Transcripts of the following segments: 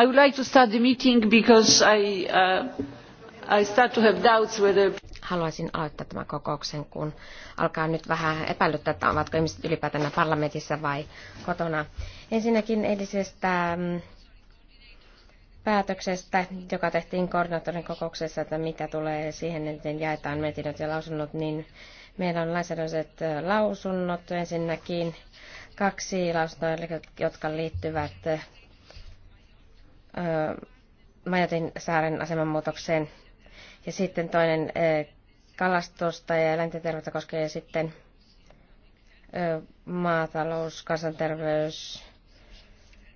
i would like to start the meeting because uh, i, start to have doubts whether Haluaisin aloittaa tämän kokouksen, kun alkaa nyt vähän epäilyttää, että ovatko ihmiset ylipäätään parlamentissa vai kotona. Ensinnäkin eilisestä mm, päätöksestä, joka tehtiin koordinaattorin kokouksessa, että mitä tulee siihen, miten jaetaan mietinnöt ja lausunnot, niin meillä on lainsäädännölliset lausunnot ensinnäkin, kaksi lausuntoa, jotka liittyvät Majotin saaren aseman Ja sitten toinen kalastusta ja eläinten terveyttä koskee sitten maatalous, kansanterveys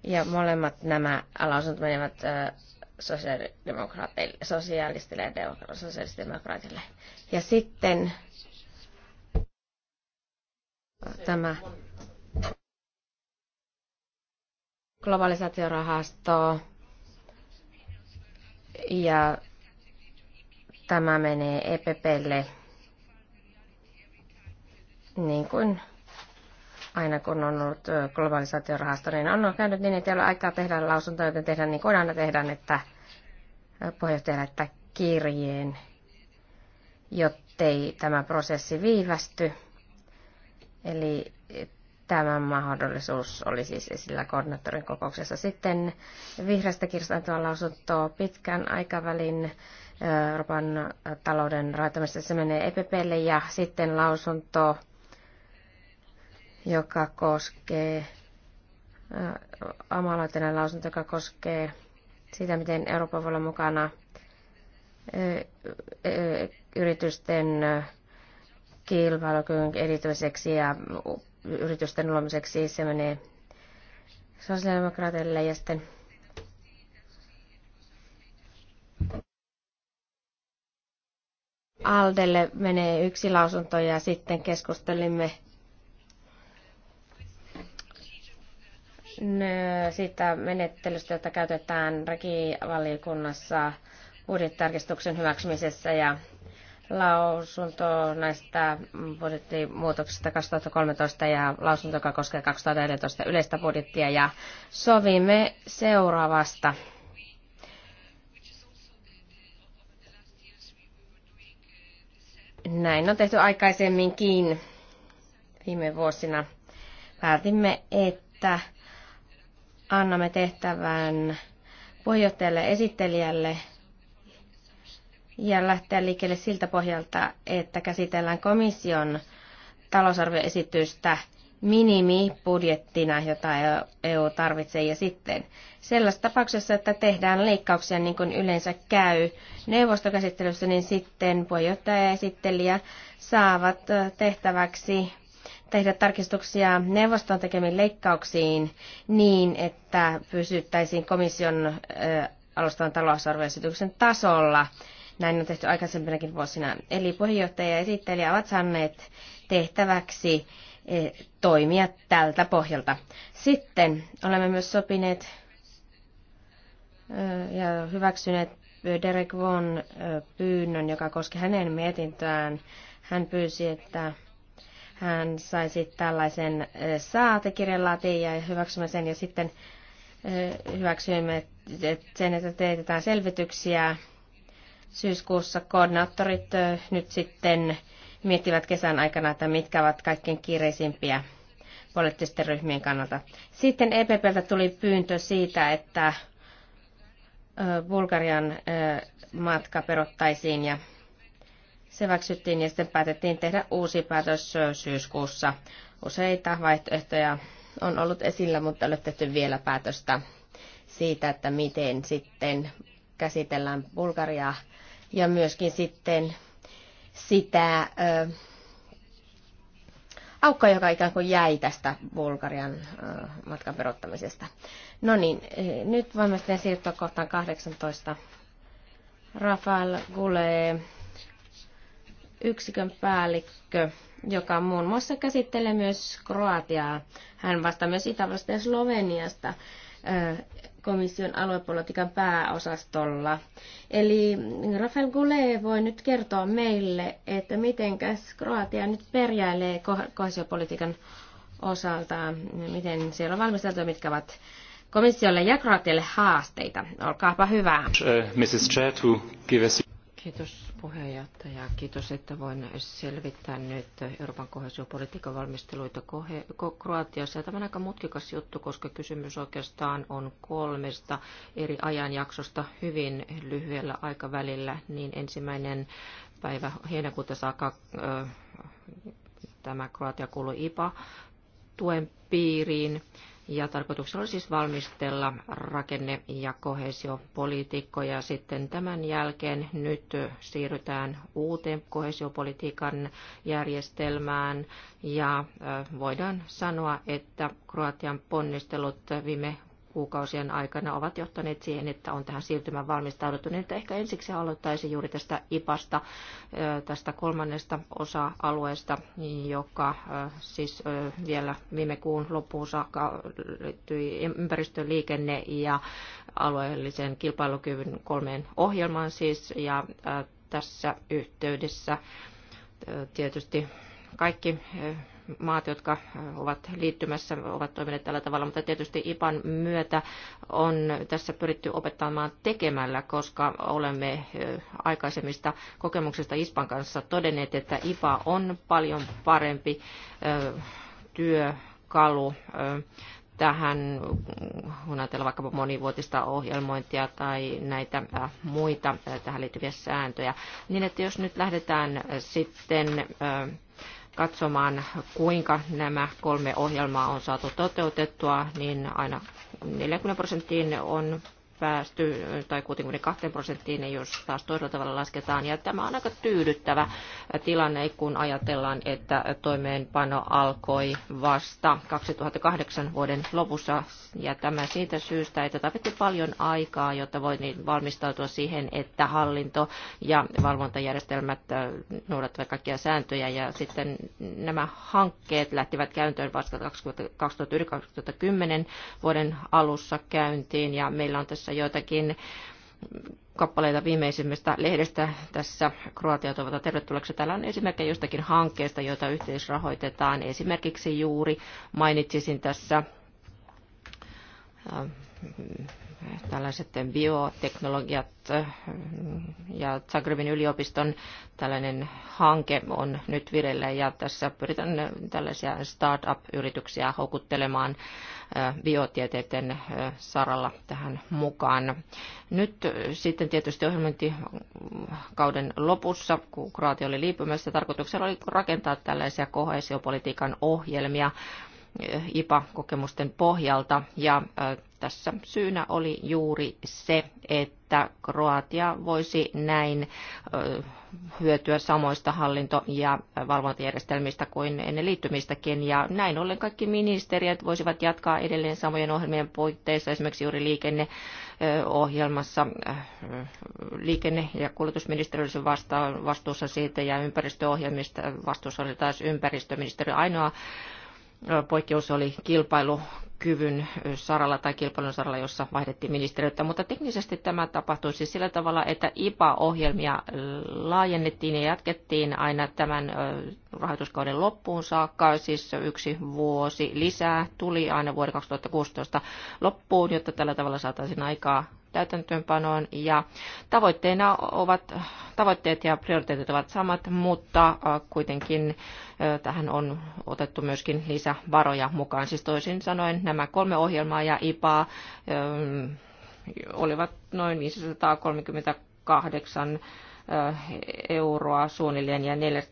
ja molemmat nämä alaosat menevät sosiaalistille ja sosiaalidemokraatille. Ja sitten tämä globalisaatiorahasto, ja tämä menee EPPlle niin kuin aina kun on ollut globalisaatiorahasto, niin on käynyt niin, että ei ole aikaa tehdä lausuntoja, joten tehdään niin kuin aina tehdään, että puheenjohtaja lähettää kirjeen, jottei tämä prosessi viivästy. Eli Tämä mahdollisuus oli siis esillä koordinaattorin kokouksessa. Sitten vihreästä kirstantua lausuntoa pitkän aikavälin Euroopan talouden rahoittamista. Se menee EPPlle ja sitten lausunto, joka koskee, amaloitinen lausunto, joka koskee sitä, miten Eurooppa voi olla mukana yritysten kilpailukyvyn edistämiseksi ja yritysten luomiseksi. Se menee sosiaalidemokraateille ja sitten Aldelle menee yksi lausunto ja sitten keskustelimme siitä menettelystä, jota käytetään rakivaliokunnassa budjettitarkistuksen hyväksymisessä ja lausunto näistä budjettimuutoksista 2013 ja lausunto, joka koskee 2014 yleistä budjettia. Ja sovimme seuraavasta. Näin on tehty aikaisemminkin viime vuosina. Päätimme, että annamme tehtävän puheenjohtajalle esittelijälle ja lähteä liikkeelle siltä pohjalta, että käsitellään komission talousarvioesitystä minimibudjettina, jota EU tarvitsee, ja sitten sellaisessa tapauksessa, että tehdään leikkauksia niin kuin yleensä käy neuvostokäsittelyssä, niin sitten puheenjohtaja ja esittelijä saavat tehtäväksi tehdä tarkistuksia neuvoston tekemiin leikkauksiin niin, että pysyttäisiin komission alustavan talousarvioesityksen tasolla näin on tehty aikaisempinakin vuosina. Eli puheenjohtaja ja esittelijä ovat saaneet tehtäväksi eh, toimia tältä pohjalta. Sitten olemme myös sopineet eh, ja hyväksyneet Derek Von eh, pyynnön, joka koski hänen mietintöään. Hän pyysi, että hän saisi tällaisen saatekirjan laatiin ja hyväksymme sen ja sitten hyväksyimme sen, että teetetään selvityksiä Syyskuussa koordinaattorit nyt sitten miettivät kesän aikana, että mitkä ovat kaikkein kiireisimpiä poliittisten ryhmien kannalta. Sitten EPPltä tuli pyyntö siitä, että Bulgarian matka perottaisiin ja se väksyttiin ja sitten päätettiin tehdä uusi päätös syyskuussa. Useita vaihtoehtoja on ollut esillä, mutta ei ole tehty vielä päätöstä siitä, että miten sitten käsitellään Bulgariaa ja myöskin sitten sitä ö, aukkoa, joka ikään kuin jäi tästä Bulgarian ö, matkan perottamisesta. No niin, e, nyt voimme sitten siirtyä kohtaan 18. Rafael Gule, yksikön päällikkö, joka muun muassa käsittelee myös Kroatiaa. Hän vastaa myös Itävasta ja Sloveniasta komission aluepolitiikan pääosastolla. Eli Rafael Gule voi nyt kertoa meille, että miten Kroatia nyt perjäilee kohesiopolitiikan osalta, miten siellä on valmisteltu, mitkä ovat komissiolle ja Kroatialle haasteita. Olkaapa hyvä. Mrs. Chair, to give us... Kiitos puheenjohtaja. Kiitos, että voin selvittää nyt Euroopan kohesiopolitiikan valmisteluita Kroatiassa. Tämä on aika mutkikas juttu, koska kysymys oikeastaan on kolmesta eri ajanjaksosta hyvin lyhyellä aikavälillä. Niin ensimmäinen päivä heinäkuuta saakka tämä Kroatia kuuluu IPA-tuen piiriin. Ja tarkoituksena oli siis valmistella rakenne- ja kohesiopolitiikkoja. Sitten tämän jälkeen nyt siirrytään uuteen kohesiopolitiikan järjestelmään. Ja voidaan sanoa, että Kroatian ponnistelut viime kuukausien aikana ovat johtaneet siihen, että on tähän siirtymään valmistauduttu. Niin että ehkä ensiksi aloittaisi juuri tästä IPasta, tästä kolmannesta osa-alueesta, joka siis vielä viime kuun loppuun saakka liittyi ympäristöliikenne ja alueellisen kilpailukyvyn kolmeen ohjelmaan siis. Ja tässä yhteydessä tietysti kaikki maat, jotka ovat liittymässä, ovat toimineet tällä tavalla, mutta tietysti IPAN myötä on tässä pyritty opettamaan tekemällä, koska olemme aikaisemmista kokemuksista ISPAN kanssa todenneet, että IPA on paljon parempi työkalu tähän, kun ajatellaan vaikkapa monivuotista ohjelmointia tai näitä muita tähän liittyviä sääntöjä, niin että jos nyt lähdetään sitten katsomaan, kuinka nämä kolme ohjelmaa on saatu toteutettua, niin aina 40 prosenttiin on päästy tai 62 prosenttiin, niin jos taas toisella tavalla lasketaan. Ja tämä on aika tyydyttävä tilanne, kun ajatellaan, että toimeenpano alkoi vasta 2008 vuoden lopussa. Ja tämä siitä syystä, että tarvittiin paljon aikaa, jotta voi valmistautua siihen, että hallinto ja valvontajärjestelmät äh, noudattavat kaikkia sääntöjä. Ja sitten nämä hankkeet lähtivät käyntöön vasta 2010 vuoden alussa käyntiin. Ja meillä on tässä joitakin kappaleita viimeisimmästä lehdestä tässä Kroatia toivota tervetulleeksi. Täällä on esimerkkejä jostakin hankkeesta, jota yhteisrahoitetaan. Esimerkiksi juuri mainitsisin tässä äh, tällaiset bioteknologiat äh, ja Zagrebin yliopiston tällainen hanke on nyt vireillä ja tässä pyritään tällaisia startup-yrityksiä houkuttelemaan biotieteiden saralla tähän mukaan. Nyt sitten tietysti ohjelmointikauden lopussa, kun Kroatia oli liipymässä, tarkoituksella oli rakentaa tällaisia kohesiopolitiikan ohjelmia IPA-kokemusten pohjalta ja tässä. Syynä oli juuri se, että Kroatia voisi näin hyötyä samoista hallinto- ja valvontajärjestelmistä kuin ennen liittymistäkin. Ja näin ollen kaikki ministeriöt voisivat jatkaa edelleen samojen ohjelmien puitteissa, esimerkiksi juuri ohjelmassa Liikenne- ja kuljetusministeriö olisi vastuussa siitä ja ympäristöohjelmista vastuussa oli taas ympäristöministeriö. Ainoa poikkeus oli kilpailu kyvyn saralla tai kilpailun saralla, jossa vaihdettiin ministeriötä, mutta teknisesti tämä tapahtui siis sillä tavalla, että IPA-ohjelmia laajennettiin ja jatkettiin aina tämän rahoituskauden loppuun saakka, siis yksi vuosi lisää tuli aina vuoden 2016 loppuun, jotta tällä tavalla saataisiin aikaa täytäntöönpanoon ja tavoitteena ovat, tavoitteet ja prioriteetit ovat samat, mutta kuitenkin tähän on otettu myöskin lisävaroja mukaan. Siis toisin sanoen nämä kolme ohjelmaa ja IPA olivat noin 538 euroa suunnilleen ja 4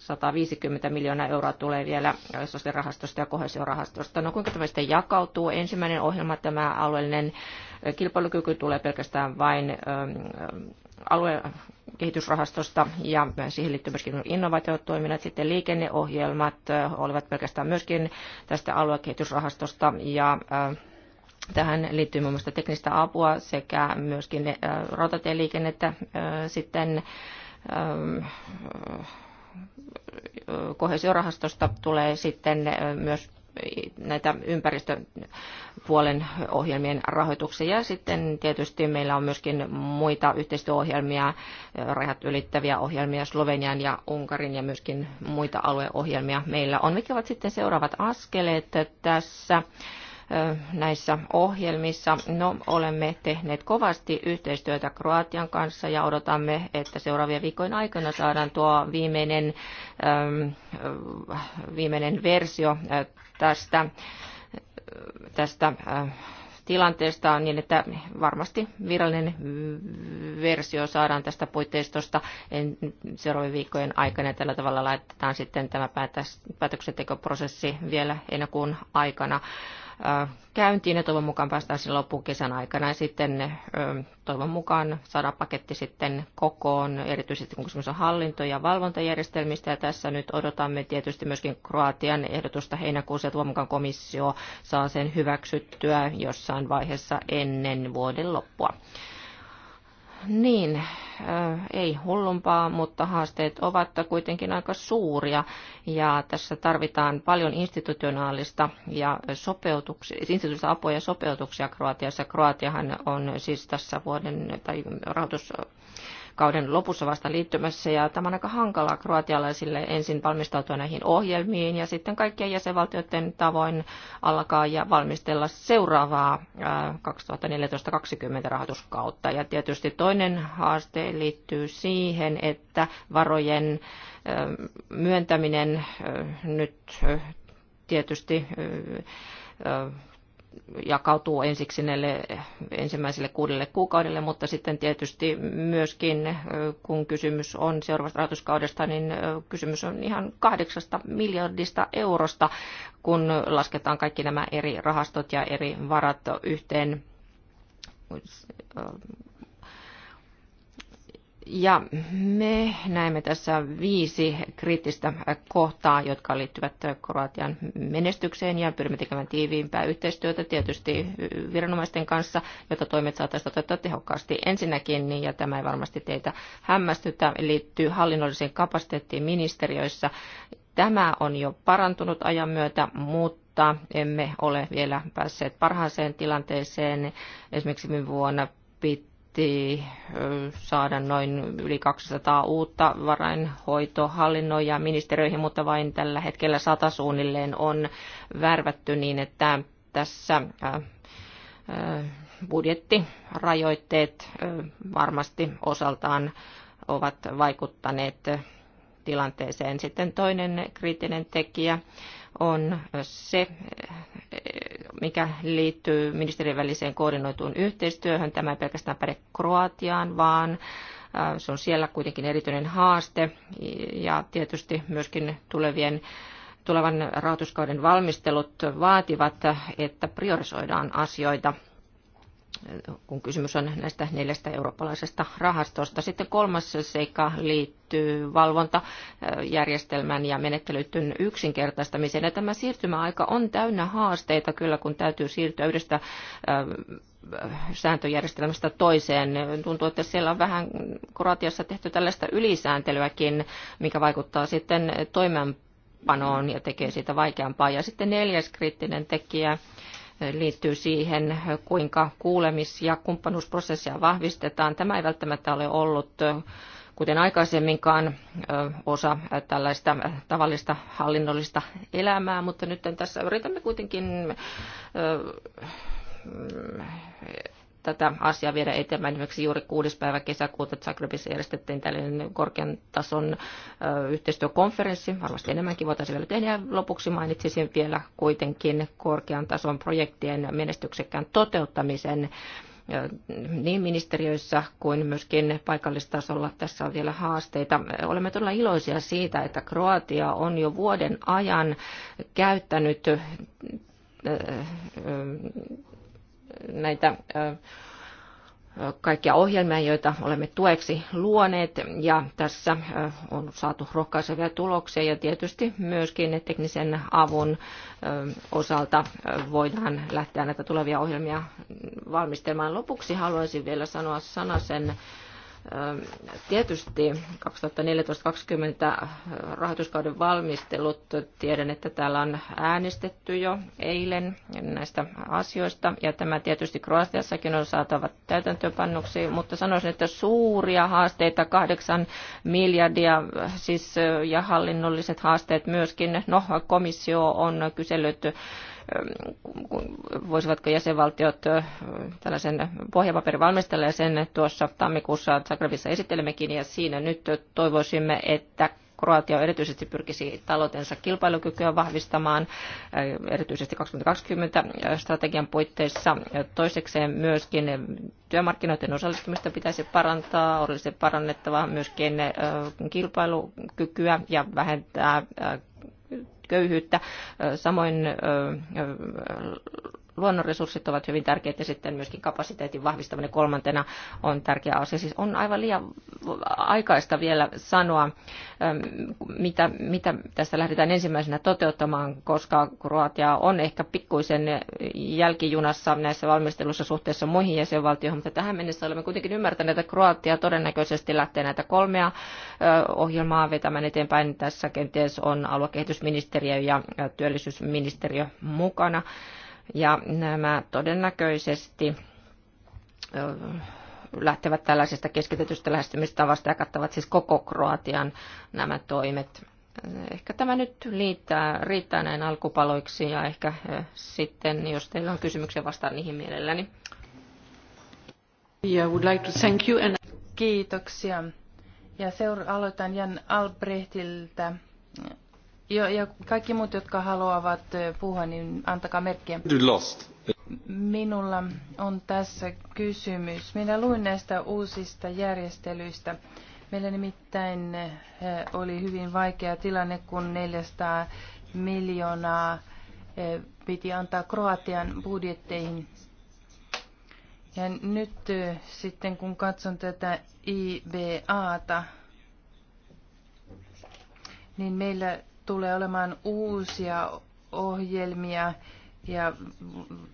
150 miljoonaa euroa tulee vielä sosiaalirahastosta ja kohesiorahastosta. No kuinka tämä sitten jakautuu? Ensimmäinen ohjelma, tämä alueellinen kilpailukyky tulee pelkästään vain ähm, ähm, aluekehitysrahastosta ja siihen liittyy myöskin innovaatiotoiminnat. Sitten liikenneohjelmat äh, olivat pelkästään myöskin tästä aluekehitysrahastosta ja äh, Tähän liittyy muun muassa teknistä apua sekä myöskin äh, rautatieliikennettä sitten ähm, kohesiorahastosta tulee sitten myös näitä ympäristöpuolen ohjelmien rahoituksia. Ja sitten tietysti meillä on myöskin muita yhteistyöohjelmia, rajat ylittäviä ohjelmia Slovenian ja Unkarin ja myöskin muita alueohjelmia meillä on. mikä ovat sitten seuraavat askeleet tässä? näissä ohjelmissa. No, olemme tehneet kovasti yhteistyötä Kroatian kanssa ja odotamme, että seuraavien viikkojen aikana saadaan tuo viimeinen, viimeinen versio tästä, tästä tilanteesta on niin, että varmasti virallinen versio saadaan tästä puitteistosta seuraavien viikkojen aikana. Ja tällä tavalla laitetaan sitten tämä päätöksentekoprosessi vielä ennen aikana käyntiin ja toivon mukaan päästään sen loppukesän aikana ja sitten toivon mukaan saadaan paketti sitten kokoon, erityisesti kun kysymys on hallinto- ja valvontajärjestelmistä ja tässä nyt odotamme tietysti myöskin Kroatian ehdotusta heinäkuussa ja toivon mukaan komissio saa sen hyväksyttyä jossain vaiheessa ennen vuoden loppua niin, äh, ei hullumpaa, mutta haasteet ovat kuitenkin aika suuria ja tässä tarvitaan paljon institutionaalista ja sopeutuksia, instituutista apua ja sopeutuksia Kroatiassa. Kroatiahan on siis tässä vuoden tai rahoitus kauden lopussa vasta liittymässä ja tämä on aika hankalaa kroatialaisille ensin valmistautua näihin ohjelmiin ja sitten kaikkien jäsenvaltioiden tavoin alkaa ja valmistella seuraavaa 2014-2020 äh, rahoituskautta. Ja tietysti toinen haaste liittyy siihen, että varojen äh, myöntäminen äh, nyt tietysti jakautuu ensiksi näille ensimmäiselle kuudelle kuukaudelle, mutta sitten tietysti myöskin, kun kysymys on seuraavasta rahoituskaudesta, niin kysymys on ihan kahdeksasta miljardista eurosta, kun lasketaan kaikki nämä eri rahastot ja eri varat yhteen ja me näemme tässä viisi kriittistä kohtaa, jotka liittyvät Kroatian menestykseen ja pyrimme tekemään tiiviimpää yhteistyötä tietysti viranomaisten kanssa, jotta toimet saataisiin toteuttaa tehokkaasti. Ensinnäkin, niin, ja tämä ei varmasti teitä hämmästytä, liittyy hallinnolliseen kapasiteettiin ministeriöissä. Tämä on jo parantunut ajan myötä, mutta emme ole vielä päässeet parhaaseen tilanteeseen. Esimerkiksi viime vuonna pit, piti saada noin yli 200 uutta ja ministeriöihin, mutta vain tällä hetkellä sata suunnilleen on värvätty niin, että tässä budjettirajoitteet varmasti osaltaan ovat vaikuttaneet tilanteeseen. Sitten toinen kriittinen tekijä on se, mikä liittyy ministerien väliseen koordinoituun yhteistyöhön. Tämä ei pelkästään päde Kroatiaan, vaan se on siellä kuitenkin erityinen haaste ja tietysti myöskin tulevien tulevan rahoituskauden valmistelut vaativat, että priorisoidaan asioita – kun kysymys on näistä neljästä eurooppalaisesta rahastosta. Sitten kolmas seikka liittyy valvontajärjestelmän ja menettelytyn yksinkertaistamiseen. Ja tämä siirtymäaika on täynnä haasteita kyllä, kun täytyy siirtyä yhdestä sääntöjärjestelmästä toiseen. Tuntuu, että siellä on vähän Kroatiassa tehty tällaista ylisääntelyäkin, mikä vaikuttaa sitten toimeenpanoon ja tekee siitä vaikeampaa. Ja sitten neljäs kriittinen tekijä liittyy siihen, kuinka kuulemis- ja kumppanuusprosessia vahvistetaan. Tämä ei välttämättä ole ollut kuten aikaisemminkaan osa tällaista tavallista hallinnollista elämää, mutta nyt tässä yritämme kuitenkin tätä asiaa viedä eteenpäin. Esimerkiksi juuri 6. päivä kesäkuuta Zagrebissa järjestettiin tällainen korkean tason yhteistyökonferenssi. Varmasti enemmänkin voitaisiin vielä tehdä. Ja lopuksi mainitsisin vielä kuitenkin korkean tason projektien menestyksekkään toteuttamisen niin ministeriöissä kuin myöskin paikallistasolla tässä on vielä haasteita. Olemme todella iloisia siitä, että Kroatia on jo vuoden ajan käyttänyt näitä kaikkia ohjelmia, joita olemme tueksi luoneet, ja tässä on saatu rohkaisevia tuloksia, ja tietysti myöskin teknisen avun osalta voidaan lähteä näitä tulevia ohjelmia valmistelemaan. Lopuksi haluaisin vielä sanoa sanasen sen Ähm, tietysti 2014-2020 äh, rahoituskauden valmistelut, tiedän, että täällä on äänestetty jo eilen näistä asioista, ja tämä tietysti Kroatiassakin on saatava täytäntöönpannuksi, mutta sanoisin, että suuria haasteita, kahdeksan miljardia, äh, siis äh, ja hallinnolliset haasteet myöskin, no komissio on kysellyt Ehm, voisivatko jäsenvaltiot tällaisen pohjapaperin valmistella ja sen tuossa tammikuussa Zagrebissa esittelemmekin ja siinä nyt toivoisimme, että Kroatia erityisesti pyrkisi taloutensa kilpailukykyä vahvistamaan, erityisesti 2020 strategian puitteissa. Toisekseen myöskin työmarkkinoiden osallistumista pitäisi parantaa, olisi parannettava myöskin kilpailukykyä ja vähentää köyhyyttä, samoin luonnonresurssit ovat hyvin tärkeitä ja sitten myöskin kapasiteetin vahvistaminen kolmantena on tärkeä asia. Siis on aivan liian aikaista vielä sanoa, ähm, mitä, mitä tästä lähdetään ensimmäisenä toteuttamaan, koska Kroatia on ehkä pikkuisen jälkijunassa näissä valmistelussa suhteessa muihin jäsenvaltioihin, mutta tähän mennessä olemme kuitenkin ymmärtäneet, että Kroatia todennäköisesti lähtee näitä kolmea äh, ohjelmaa vetämään eteenpäin. Tässä kenties on aluekehitysministeriö ja työllisyysministeriö mukana ja nämä todennäköisesti lähtevät tällaisesta keskitetystä lähestymistavasta ja kattavat siis koko Kroatian nämä toimet. Ehkä tämä nyt liittää, riittää näin alkupaloiksi ja ehkä sitten, jos teillä on kysymyksiä, vastaan niihin mielelläni. Yeah, would like to thank you and... Kiitoksia. Ja seura- aloitan Jan Albrehtiltä jo, ja kaikki muut, jotka haluavat eh, puhua, niin antakaa merkkiä. Lost. Minulla on tässä kysymys. Minä luin näistä uusista järjestelyistä. Meillä nimittäin eh, oli hyvin vaikea tilanne, kun 400 miljoonaa eh, piti antaa Kroatian budjetteihin. Ja nyt sitten kun katson tätä IBAta, niin meillä tulee olemaan uusia ohjelmia ja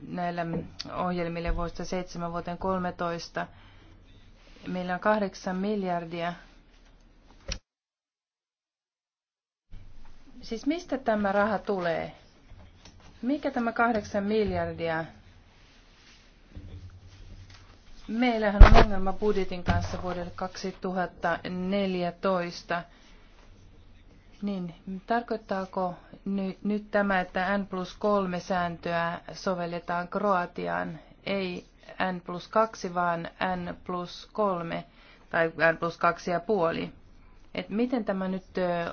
näillä ohjelmille vuodesta 7 vuoteen 13 meillä on kahdeksan miljardia. Siis mistä tämä raha tulee? Mikä tämä kahdeksan miljardia? Meillähän on ongelma budjetin kanssa vuodelle 2014. Niin, tarkoittaako ny, nyt tämä, että N plus 3 sääntöä sovelletaan Kroatiaan, ei N plus 2, vaan N plus 3 tai N plus 2 ja puoli? Et miten tämä nyt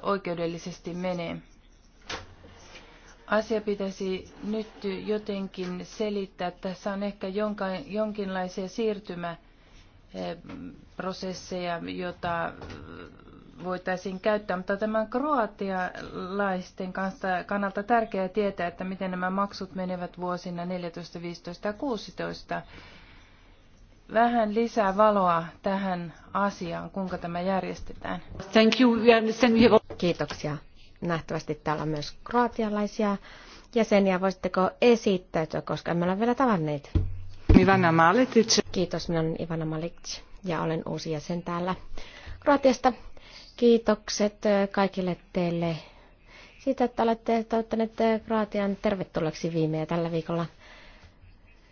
oikeudellisesti menee? Asia pitäisi nyt jotenkin selittää. Tässä on ehkä jonkinlaisia siirtymäprosesseja, jota voitaisiin käyttää, mutta tämän kroatialaisten kanssa kannalta tärkeää tietää, että miten nämä maksut menevät vuosina 14, 15 ja 16. Vähän lisää valoa tähän asiaan, kuinka tämä järjestetään. Thank you. Kiitoksia. Nähtävästi täällä on myös kroatialaisia jäseniä. Voisitteko esittäytyä, koska emme ole vielä tavanneet? Ivana Malic. Kiitos, minä olen Ivana Malic ja olen uusi jäsen täällä Kroatiasta. Kiitokset kaikille teille siitä, että olette toivottaneet Kroatian tervetulleeksi ja tällä viikolla.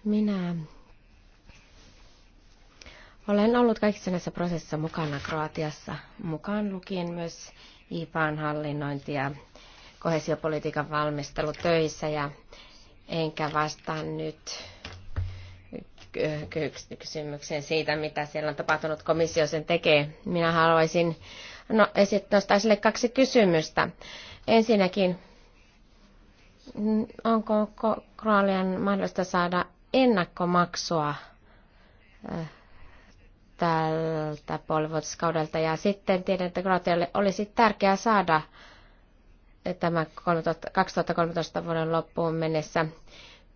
Minä olen ollut kaikissa näissä prosessissa mukana Kroatiassa, mukaan lukien myös IPAan hallinnointi ja kohesiopolitiikan valmistelu töissä ja enkä vastaan nyt kysymykseen siitä, mitä siellä on tapahtunut, komissio sen tekee. Minä haluaisin No, esit, kaksi kysymystä. Ensinnäkin, onko Kroalian mahdollista saada ennakkomaksua äh, tältä puolivuotiskaudelta? Ja sitten tiedän, että Kroatialle olisi tärkeää saada äh, tämä 2013 vuoden loppuun mennessä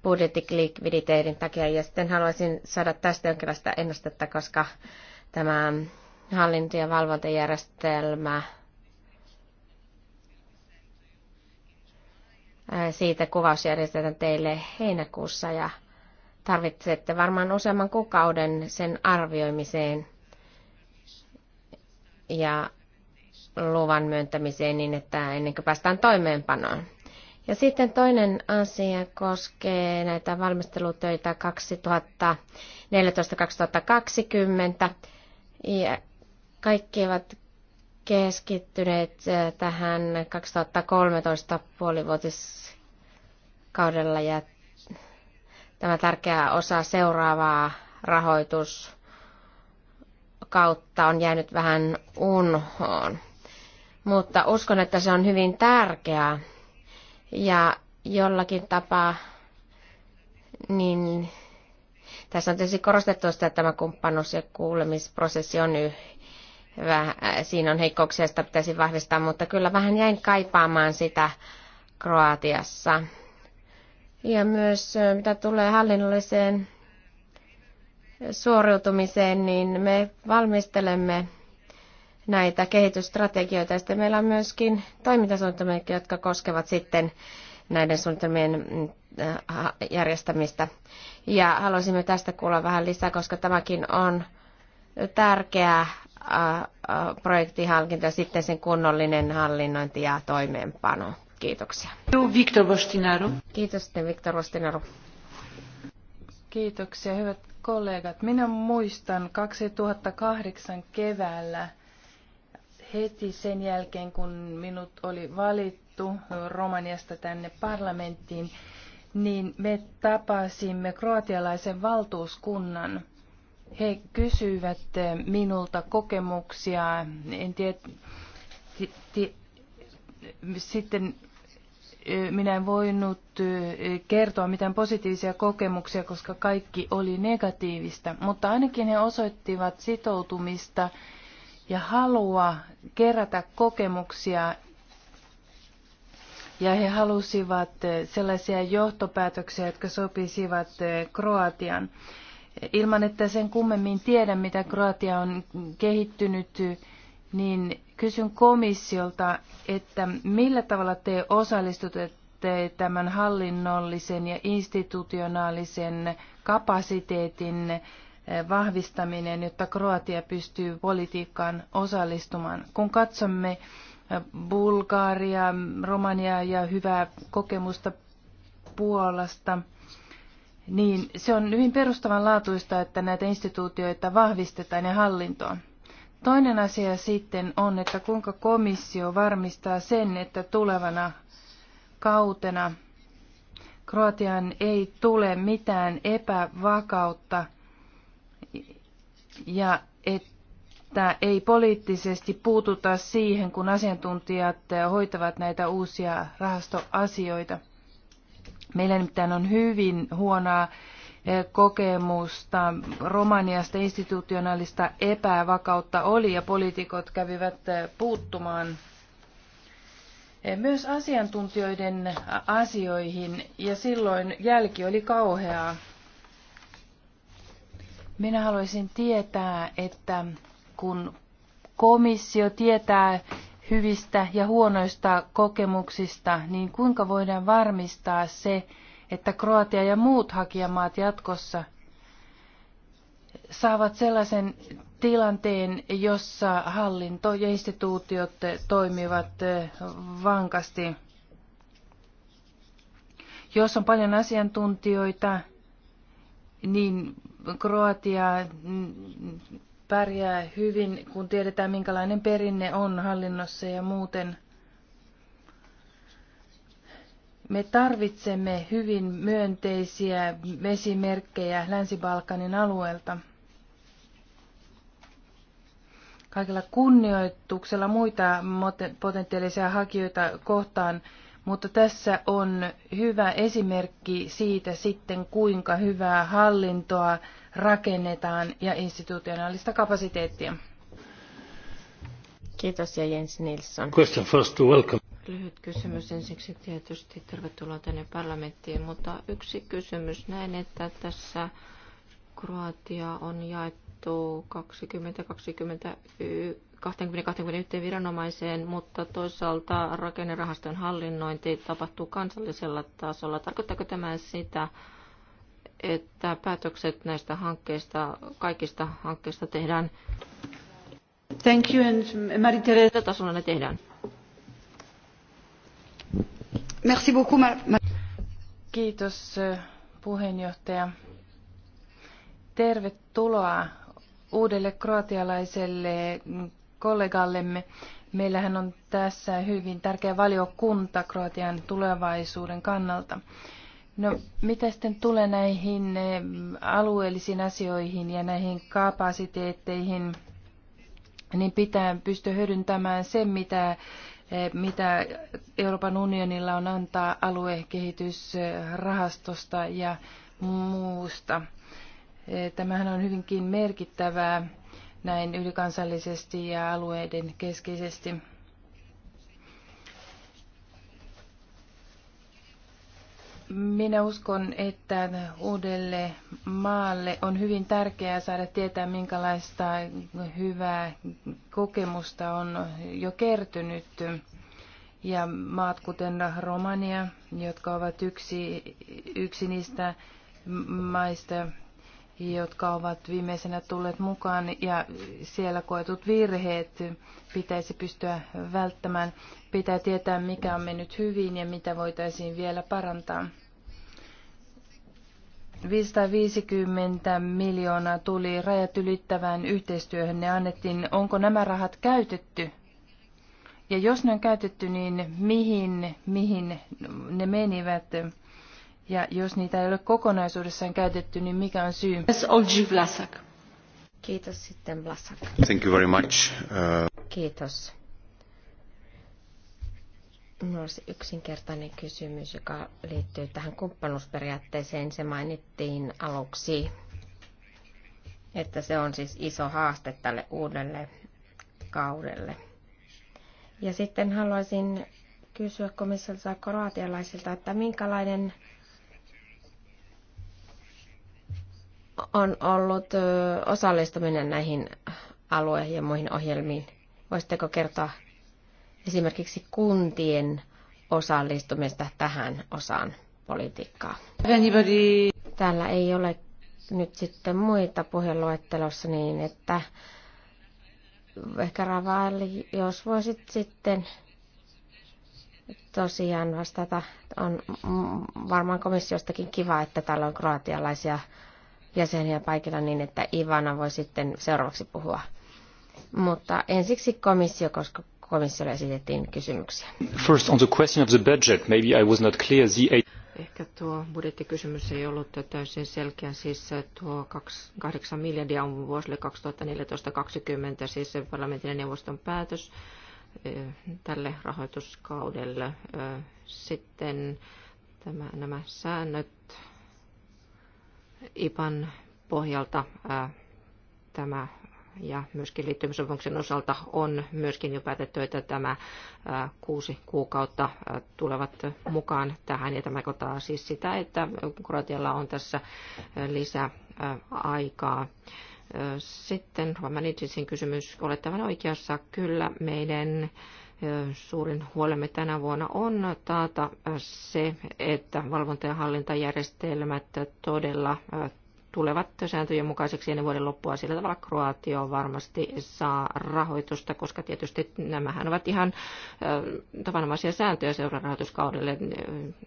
budjettiklikviditeetin takia. Ja sitten haluaisin saada tästä jonkinlaista ennustetta, koska tämä hallinto- ja valvontajärjestelmä. Siitä kuvaus järjestetään teille heinäkuussa ja tarvitsette varmaan useamman kuukauden sen arvioimiseen ja luvan myöntämiseen niin, että ennen kuin päästään toimeenpanoon. Ja sitten toinen asia koskee näitä valmistelutöitä 2014-2020. Ja kaikki ovat keskittyneet tähän 2013 puolivuotiskaudella ja tämä tärkeä osa seuraavaa rahoituskautta on jäänyt vähän unhoon. Mutta uskon, että se on hyvin tärkeää ja jollakin tapaa niin tässä on tietysti korostettu sitä, että tämä kumppanuus- ja kuulemisprosessi on Äh, siinä on heikkouksia, sitä pitäisi vahvistaa, mutta kyllä vähän jäin kaipaamaan sitä Kroatiassa. Ja myös äh, mitä tulee hallinnolliseen suoriutumiseen, niin me valmistelemme näitä kehitysstrategioita. Ja sitten meillä on myöskin toimintasuunnitelmia, jotka koskevat sitten näiden suunnitelmien äh, järjestämistä. Ja haluaisimme tästä kuulla vähän lisää, koska tämäkin on tärkeä projektihankinta ja sitten sen kunnollinen hallinnointi ja toimeenpano. Kiitoksia. Viktor Bostinaru. Kiitos sitten Viktor Bostinaru. Kiitoksia hyvät kollegat. Minä muistan 2008 keväällä heti sen jälkeen, kun minut oli valittu Romaniasta tänne parlamenttiin, niin me tapasimme kroatialaisen valtuuskunnan – he kysyivät eh, minulta kokemuksia. En tiedä, sitten eh, minä en voinut eh, kertoa mitään positiivisia kokemuksia, koska kaikki oli negatiivista, mutta ainakin he osoittivat sitoutumista ja halua kerätä kokemuksia ja he halusivat sellaisia johtopäätöksiä, jotka sopisivat Kroatian ilman että sen kummemmin tiedän, mitä Kroatia on kehittynyt, niin kysyn komissiolta, että millä tavalla te osallistutte tämän hallinnollisen ja institutionaalisen kapasiteetin eh, vahvistaminen, jotta Kroatia pystyy politiikkaan osallistumaan. Kun katsomme eh, Bulgaaria, Romania ja hyvää kokemusta Puolasta, niin se on hyvin perustavanlaatuista, että näitä instituutioita vahvistetaan ja hallintoon. Toinen asia sitten on, että kuinka komissio varmistaa sen, että tulevana kautena Kroatian ei tule mitään epävakautta ja että ei poliittisesti puututa siihen, kun asiantuntijat hoitavat näitä uusia rahastoasioita. Meillä nimittäin on hyvin huonoa eh, kokemusta Romaniasta institutionaalista epävakautta oli ja poliitikot kävivät eh, puuttumaan eh, myös asiantuntijoiden asioihin ja silloin jälki oli kauheaa. Minä haluaisin tietää, että kun komissio tietää, hyvistä ja huonoista kokemuksista, niin kuinka voidaan varmistaa se, että Kroatia ja muut hakijamaat jatkossa saavat sellaisen tilanteen, jossa hallinto ja instituutiot toimivat vankasti. Jos on paljon asiantuntijoita, niin Kroatia pärjää hyvin, kun tiedetään minkälainen perinne on hallinnossa ja muuten. Me tarvitsemme hyvin myönteisiä vesimerkkejä Länsi-Balkanin alueelta. Kaikella kunnioituksella muita potentiaalisia hakijoita kohtaan, mutta tässä on hyvä esimerkki siitä sitten, kuinka hyvää hallintoa rakennetaan ja institutionaalista kapasiteettia. Kiitos ja Jens Nilsson. Question first welcome. Lyhyt kysymys ensiksi tietysti. Tervetuloa tänne parlamenttiin, mutta yksi kysymys näin, että tässä Kroatia on jaettu 20, 20-21 viranomaiseen, mutta toisaalta rakennerahaston hallinnointi tapahtuu kansallisella tasolla. Tarkoittaako tämä sitä, että päätökset näistä hankkeista, kaikista hankkeista tehdään. Thank you and Marie-Thérèse. tasolla ne tehdään. Merci beaucoup, ma- Kiitos puheenjohtaja. Tervetuloa uudelle kroatialaiselle kollegallemme. Meillähän on tässä hyvin tärkeä valiokunta Kroatian tulevaisuuden kannalta. No, mitä sitten tulee näihin eh, alueellisiin asioihin ja näihin kapasiteetteihin, niin pitää pystyä hyödyntämään se, mitä, eh, mitä Euroopan unionilla on antaa aluekehitysrahastosta ja muusta. Eh, tämähän on hyvinkin merkittävää näin ylikansallisesti ja alueiden keskeisesti. Minä uskon, että uudelle maalle on hyvin tärkeää saada tietää, minkälaista hyvää kokemusta on jo kertynyt. Ja maat kuten Romania, jotka ovat yksi, yksi niistä maista, jotka ovat viimeisenä tulleet mukaan ja siellä koetut virheet pitäisi pystyä välttämään. Pitää tietää, mikä on mennyt hyvin ja mitä voitaisiin vielä parantaa. 550 miljoonaa tuli rajat ylittävään yhteistyöhön. Ne annettiin, onko nämä rahat käytetty? Ja jos ne on käytetty, niin mihin, mihin ne menivät? Ja jos niitä ei ole kokonaisuudessaan käytetty, niin mikä on syy? Kiitos sitten Blasak. Thank you very much. Uh... Kiitos. Minulla olisi yksinkertainen kysymys, joka liittyy tähän kumppanuusperiaatteeseen. Se mainittiin aluksi, että se on siis iso haaste tälle uudelle kaudelle. Ja sitten haluaisin kysyä komissiolta kroatialaisilta, että minkälainen on ollut osallistuminen näihin alue- ja muihin ohjelmiin? Voisitteko kertoa esimerkiksi kuntien osallistumista tähän osaan politiikkaa? Anybody? Täällä ei ole nyt sitten muita puheluettelossa niin, että ehkä Ravaali, jos voisit sitten tosiaan vastata, on varmaan komissiostakin kiva, että täällä on kroatialaisia jäseniä paikalla niin, että Ivana voi sitten seuraavaksi puhua. Mutta ensiksi komissio, koska komissiolle esitettiin kysymyksiä. First on the question of the budget, maybe I was not clear. The eight, Ehkä tuo budjettikysymys ei ollut täysin selkeä. Siis tuo 8 miljardia on vuosille 2014-2020, siis parlamentin ja neuvoston päätös e, tälle rahoituskaudelle. E, sitten tämä, nämä säännöt IPAN pohjalta tämä ja myöskin liittymisopimuksen osalta on myöskin jo päätetty, että tämä kuusi kuukautta tulevat mukaan tähän. Ja tämä tarkoittaa siis sitä, että Kroatialla on tässä lisäaikaa. Sitten Romanitsin kysymys, olette oikeassa. Kyllä meidän Suurin huolemme tänä vuonna on taata se, että valvonta- ja hallintajärjestelmät todella tulevat sääntöjen mukaiseksi ennen vuoden loppua. Sillä tavalla Kroatio varmasti saa rahoitusta, koska tietysti nämähän ovat ihan tavanomaisia sääntöjä seuraan rahoituskaudelle.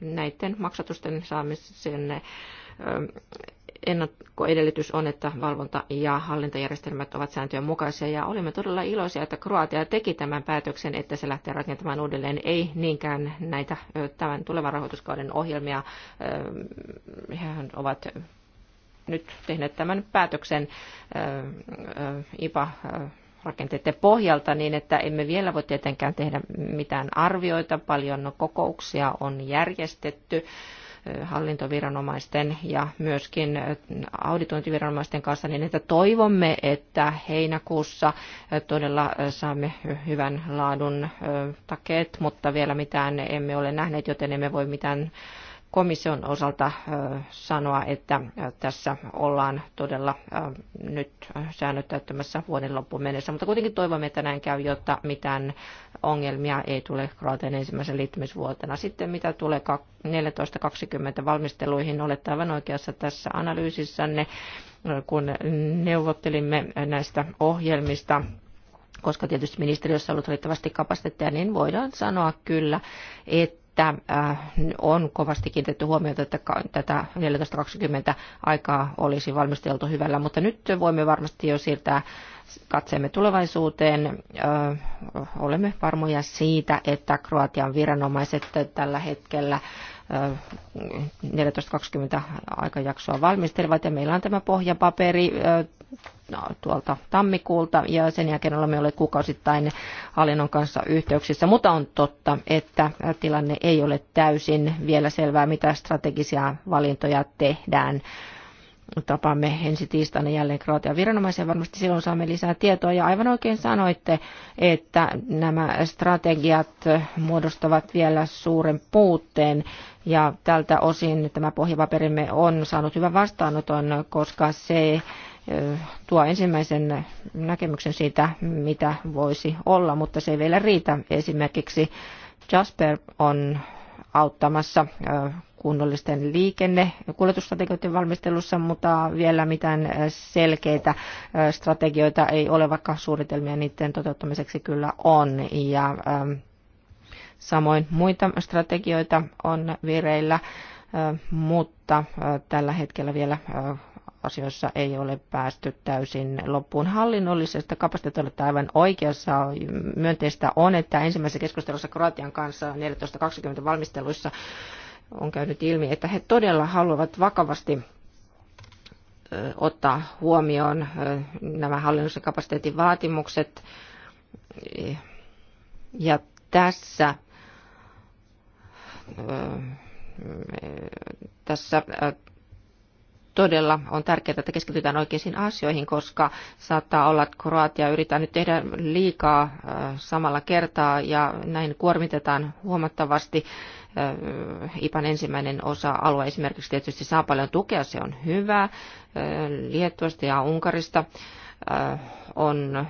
Näiden maksatusten saamisen ennakkoedellytys on, että valvonta- ja hallintajärjestelmät ovat sääntöjen mukaisia. Ja olimme todella iloisia, että Kroatia teki tämän päätöksen, että se lähtee rakentamaan uudelleen. Ei niinkään näitä tämän tulevan rahoituskauden ohjelmia. Hehän ovat nyt tehneet tämän päätöksen IPA rakenteiden pohjalta niin, että emme vielä voi tietenkään tehdä mitään arvioita. Paljon kokouksia on järjestetty hallintoviranomaisten ja myöskin auditointiviranomaisten kanssa, niin että toivomme, että heinäkuussa todella saamme hyvän laadun takeet, mutta vielä mitään emme ole nähneet, joten emme voi mitään komission osalta sanoa, että tässä ollaan todella nyt säännöt täyttämässä vuoden loppuun mennessä, mutta kuitenkin toivomme, että näin käy, jotta mitään ongelmia ei tule Kroatian ensimmäisen liittymisvuotena. Sitten mitä tulee 14.20 valmisteluihin, olet aivan oikeassa tässä analyysissanne, kun neuvottelimme näistä ohjelmista koska tietysti ministeriössä on ollut riittävästi kapasiteettia, niin voidaan sanoa kyllä, että että äh, on kovasti kiinnitetty huomiota, että tätä 14.20 aikaa olisi valmisteltu hyvällä, mutta nyt voimme varmasti jo siirtää katseemme tulevaisuuteen. Äh, olemme varmoja siitä, että Kroatian viranomaiset tällä hetkellä 14.20 mm, aikajaksoa valmistelevat ja meillä on tämä pohjapaperi no, tuolta tammikuulta ja sen jälkeen olemme olleet kuukausittain hallinnon kanssa yhteyksissä, mutta on totta, että tilanne ei ole täysin vielä selvää, mitä strategisia valintoja tehdään tapaamme ensi tiistaina jälleen Kroatian viranomaisia. Varmasti silloin saamme lisää tietoa. Ja aivan oikein sanoitte, että nämä strategiat muodostavat vielä suuren puutteen. Ja tältä osin tämä pohjapaperimme on saanut hyvän vastaanoton, koska se tuo ensimmäisen näkemyksen siitä, mitä voisi olla, mutta se ei vielä riitä. Esimerkiksi Jasper on auttamassa kunnollisten liikenne- ja kuljetusstrategioiden valmistelussa, mutta vielä mitään äh, selkeitä äh, strategioita ei ole, vaikka suunnitelmia niiden toteuttamiseksi kyllä on. Ja ähm, samoin muita strategioita on vireillä, äh, mutta tällä hetkellä vielä asioissa ei ole päästy täysin loppuun hallinnollisesta kapasiteetista aivan oikeassa. Myönteistä on, että ensimmäisessä keskustelussa Kroatian kanssa 14.20 valmisteluissa on käynyt ilmi, että he todella haluavat vakavasti ottaa huomioon nämä hallinnollisen kapasiteetin vaatimukset. E, ja tässä, tässä todella on tärkeää, että keskitytään oikeisiin asioihin, koska saattaa olla, että Kroatia yrittää nyt tehdä liikaa äh, samalla kertaa ja näin kuormitetaan huomattavasti äh, IPAN ensimmäinen osa-alue esimerkiksi tietysti saa paljon tukea, se on hyvä. Äh, Liettuasta ja Unkarista on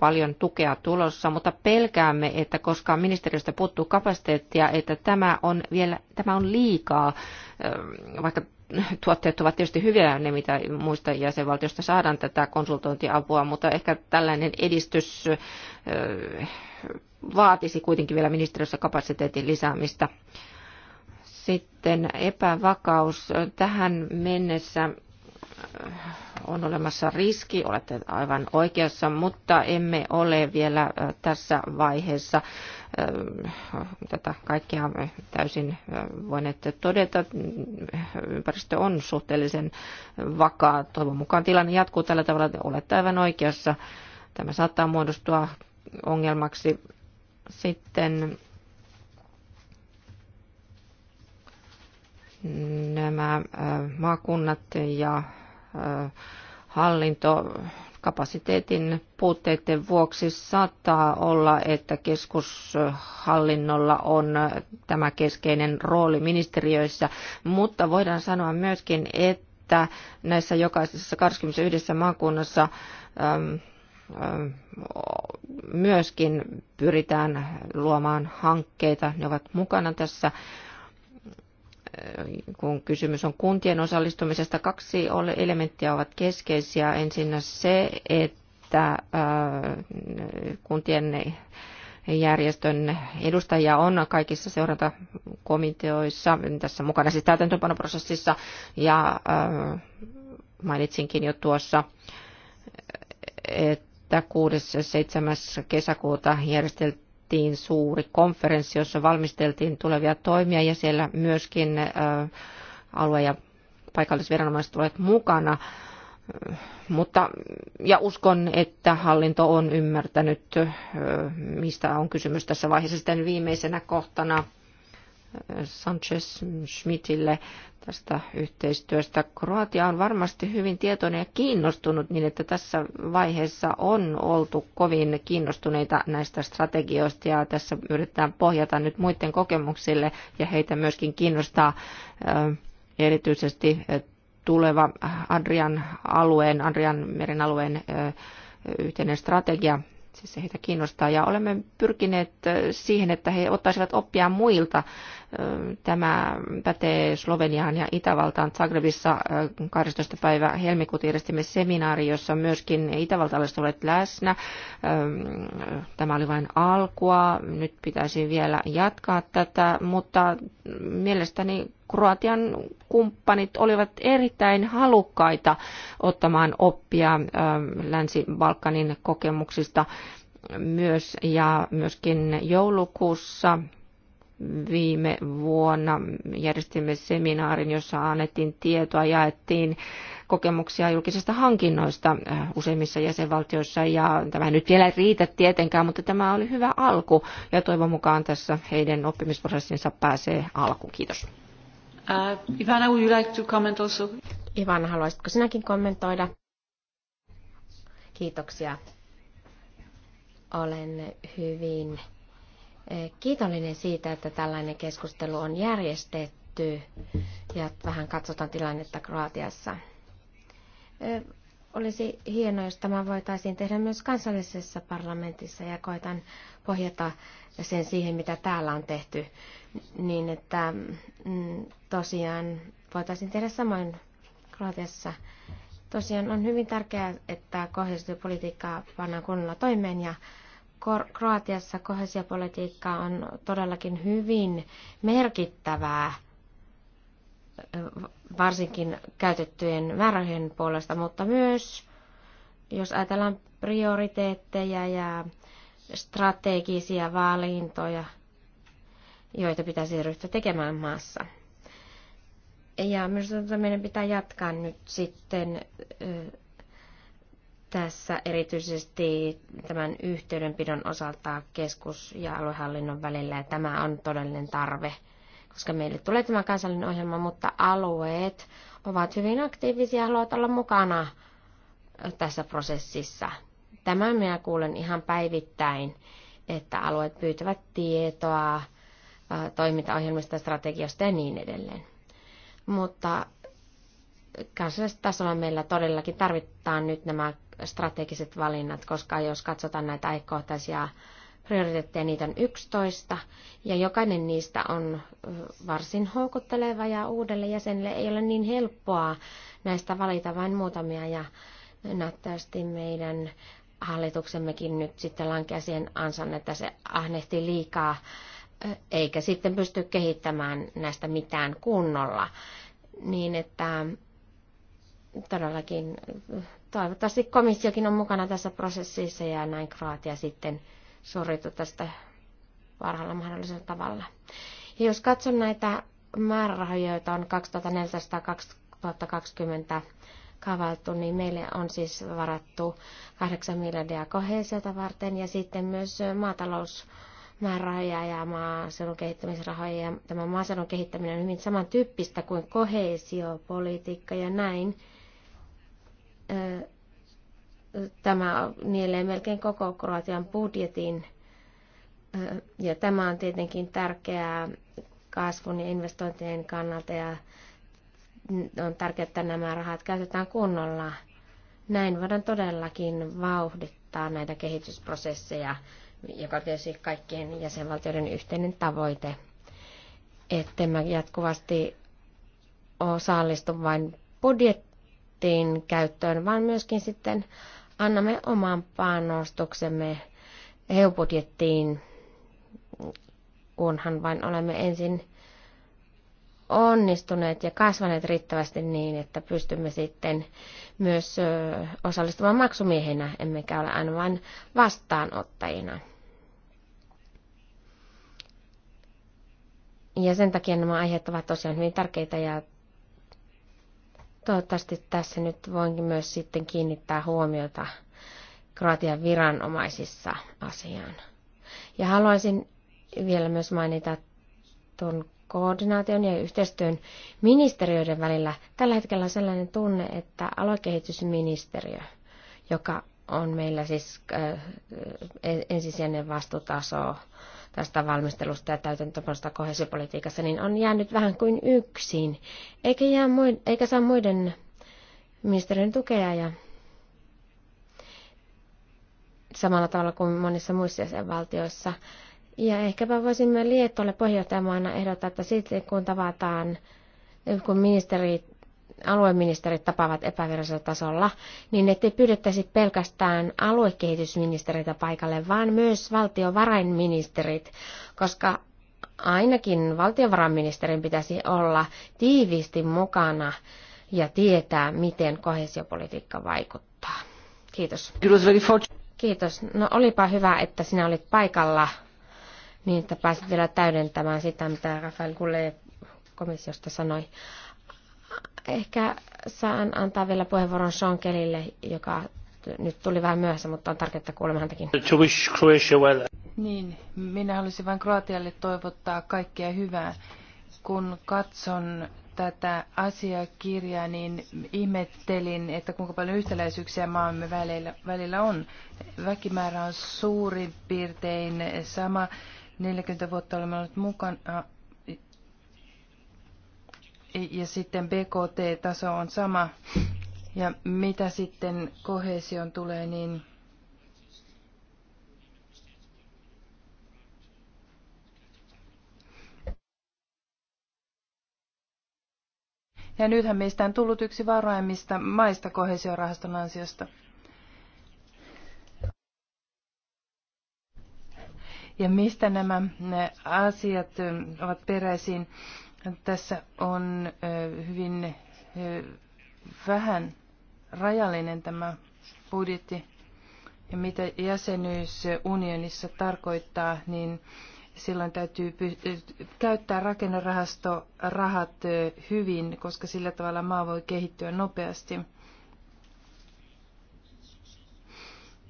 paljon tukea tulossa, mutta pelkäämme, että koska ministeriöstä puuttuu kapasiteettia, että tämä on vielä tämä on liikaa, vaikka tuotteet ovat tietysti hyviä, ne mitä muista jäsenvaltiosta saadaan tätä konsultointiapua, mutta ehkä tällainen edistys vaatisi kuitenkin vielä ministeriössä kapasiteetin lisäämistä. Sitten epävakaus. Tähän mennessä on olemassa riski, olette aivan oikeassa, mutta emme ole vielä tässä vaiheessa tätä kaikkea täysin voineet todeta. Ympäristö on suhteellisen vakaa. Toivon mukaan tilanne jatkuu tällä tavalla. Olette aivan oikeassa. Tämä saattaa muodostua ongelmaksi sitten nämä maakunnat ja hallinto, kapasiteetin puutteiden vuoksi saattaa olla, että keskushallinnolla on tämä keskeinen rooli ministeriöissä, mutta voidaan sanoa myöskin, että näissä jokaisessa 21 maakunnassa myöskin pyritään luomaan hankkeita. Ne ovat mukana tässä kun kysymys on kuntien osallistumisesta. Kaksi elementtiä ovat keskeisiä. Ensinnä se, että äh, kuntien järjestön edustajia on kaikissa seurantakomiteoissa, tässä mukana siis täytäntöönpanoprosessissa, ja äh, mainitsinkin jo tuossa, että 7. kesäkuuta järjesteltiin pidettiin suuri konferenssi, jossa valmisteltiin tulevia toimia ja siellä myöskin alue- ja paikallisviranomaiset olivat mukana. Mutta, ja uskon, että hallinto on ymmärtänyt, mistä on kysymys tässä vaiheessa. Sitten viimeisenä kohtana Sanchez Schmidtille tästä yhteistyöstä. Kroatia on varmasti hyvin tietoinen ja kiinnostunut niin, että tässä vaiheessa on oltu kovin kiinnostuneita näistä strategioista ja tässä yritetään pohjata nyt muiden kokemuksille ja heitä myöskin kiinnostaa erityisesti tuleva Adrian alueen, Adrian meren alueen yhteinen strategia siis se heitä kiinnostaa. Ja olemme pyrkineet äh, siihen, että he ottaisivat oppia muilta. Äh, Tämä pätee Sloveniaan ja Itävaltaan. Zagrebissa 12. Äh, päivä helmikuuta järjestimme seminaari, jossa myöskin itävaltalaiset olivat läsnä. Ähm, Tämä oli vain alkua. Nyt pitäisi vielä jatkaa tätä, mutta mielestäni Kroatian kumppanit olivat erittäin halukkaita ottamaan oppia Länsi-Balkanin kokemuksista myös ja myöskin joulukuussa viime vuonna järjestimme seminaarin, jossa annettiin tietoa, jaettiin kokemuksia julkisista hankinnoista useimmissa jäsenvaltioissa. Ja tämä nyt vielä ei riitä tietenkään, mutta tämä oli hyvä alku ja toivon mukaan tässä heidän oppimisprosessinsa pääsee alkuun. Kiitos. Uh, Ivana, would you like to comment also? Ivana, haluaisitko sinäkin kommentoida? Kiitoksia. Olen hyvin eh, kiitollinen siitä, että tällainen keskustelu on järjestetty ja vähän katsotaan tilannetta Kroatiassa. Eh, olisi hienoa, jos tämä voitaisiin tehdä myös kansallisessa parlamentissa ja koitan pohjata sen siihen, mitä täällä on tehty, niin että mm, tosiaan voitaisiin tehdä samoin Kroatiassa. Tosiaan on hyvin tärkeää, että kohesiopolitiikkaa pannaan kunnolla toimeen ja Kroatiassa kohesiopolitiikka on todellakin hyvin merkittävää varsinkin käytettyjen määrärahojen puolesta, mutta myös jos ajatellaan prioriteetteja ja strategisia valintoja, joita pitäisi ryhtyä tekemään maassa. Ja minusta meidän pitää jatkaa nyt sitten tässä erityisesti tämän yhteydenpidon osalta keskus- ja aluehallinnon välillä. Ja tämä on todellinen tarve koska meille tulee tämä kansallinen ohjelma, mutta alueet ovat hyvin aktiivisia ja haluavat olla mukana tässä prosessissa. Tämän minä kuulen ihan päivittäin, että alueet pyytävät tietoa toimintaohjelmista, strategioista ja niin edelleen. Mutta tasolla meillä todellakin tarvitaan nyt nämä strategiset valinnat, koska jos katsotaan näitä aikohtaisia prioriteetteja, niitä on 11, ja jokainen niistä on varsin houkutteleva ja uudelle jäsenelle ei ole niin helppoa näistä valita vain muutamia, ja näyttävästi meidän hallituksemmekin nyt sitten lankea siihen ansan, että se ahnehti liikaa, eikä sitten pysty kehittämään näistä mitään kunnolla. Niin että todellakin toivottavasti komissiokin on mukana tässä prosessissa ja näin Kroatia sitten suoriutua tästä parhaalla mahdollisella tavalla. Ja jos katson näitä määrärahoja, joita on 2400-2020 kavaltu, niin meille on siis varattu 8 miljardia kohesiota varten ja sitten myös maatalous määrärahoja ja maaseudun kehittämisrahoja. Ja tämä maaseudun kehittäminen on hyvin samantyyppistä kuin koheesiopolitiikka ja näin. Tämä nielee melkein koko Kroatian budjetin. Ja tämä on tietenkin tärkeää kasvun ja investointien kannalta ja on tärkeää, että nämä rahat käytetään kunnolla. Näin voidaan todellakin vauhdittaa näitä kehitysprosesseja, joka on tietysti kaikkien jäsenvaltioiden yhteinen tavoite. Että mä jatkuvasti osallistu vain budjettiin käyttöön, vaan myöskin sitten annamme oman panostuksemme EU-budjettiin, kunhan vain olemme ensin onnistuneet ja kasvaneet riittävästi niin, että pystymme sitten myös osallistumaan maksumiehenä, emmekä ole aina vain vastaanottajina. Ja sen takia nämä aiheet ovat tosiaan hyvin tärkeitä ja Toivottavasti tässä nyt voinkin myös sitten kiinnittää huomiota Kroatian viranomaisissa asiaan. Ja haluaisin vielä myös mainita tuon koordinaation ja yhteistyön ministeriöiden välillä. Tällä hetkellä on sellainen tunne, että aluekehitysministeriö, joka on meillä siis äh, ensisijainen vastuutaso tästä valmistelusta ja täytäntöpanosta kohesiopolitiikassa, niin on jäänyt vähän kuin yksin, eikä, jää muid, eikä saa muiden ministeriön tukea ja samalla tavalla kuin monissa muissa jäsenvaltioissa. Ja ehkäpä voisimme Liettolle puheenjohtajamaana ehdottaa, että sitten kun tavataan, kun ministerit alueministerit tapaavat epävirallisella tasolla, niin ettei pyydettäisi pelkästään aluekehitysministeriötä paikalle, vaan myös valtiovarainministerit, koska ainakin valtiovarainministerin pitäisi olla tiiviisti mukana ja tietää, miten kohesiopolitiikka vaikuttaa. Kiitos. Kiitos. No olipa hyvä, että sinä olit paikalla, niin että pääsit vielä täydentämään sitä, mitä Rafael Goulet komissiosta sanoi. Ehkä saan antaa vielä puheenvuoron Sean Kellylle, joka nyt tuli vähän myöhässä, mutta on tärkeää kuulemaan häntäkin. Niin, minä haluaisin vain Kroatialle toivottaa kaikkea hyvää. Kun katson tätä asiakirjaa, niin ihmettelin, että kuinka paljon yhtäläisyyksiä maamme välillä, välillä on. Väkimäärä on suurin piirtein sama. 40 vuotta olemme olleet mukana ja sitten BKT-taso on sama. Ja mitä sitten kohesion tulee, niin Ja nythän meistä on tullut yksi varoimmista maista kohesiorahaston ansiosta. Ja mistä nämä asiat ovat peräisin? Tässä on hyvin vähän rajallinen tämä budjetti ja mitä jäsenyys unionissa tarkoittaa, niin silloin täytyy käyttää rakennerahastorahat hyvin, koska sillä tavalla maa voi kehittyä nopeasti.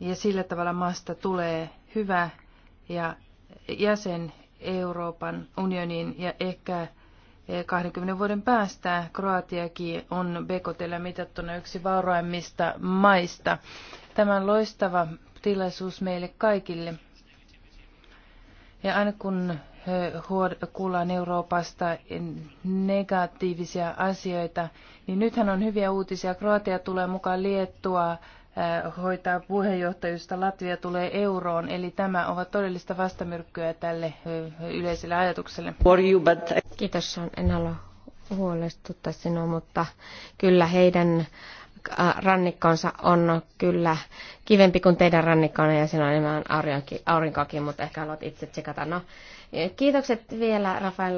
Ja sillä tavalla maasta tulee hyvä ja jäsen Euroopan unioniin ja ehkä 20 vuoden päästä Kroatiakin on Bekotellä mitattuna yksi vauraimmista maista. Tämä on loistava tilaisuus meille kaikille. Ja aina kun kuullaan Euroopasta negatiivisia asioita, niin nythän on hyviä uutisia. Kroatia tulee mukaan Liettua, hoitaa puheenjohtajuudesta Latvia tulee euroon, eli tämä ovat todellista vastamyrkkyä tälle yleiselle ajatukselle. Kiitos, en halua huolestuttaa sinua, mutta kyllä heidän rannikkonsa on kyllä kivempi kuin teidän rannikkonne ja siinä on enemmän aurinkoakin, mutta ehkä haluat itse tsekata. No, kiitokset vielä Rafael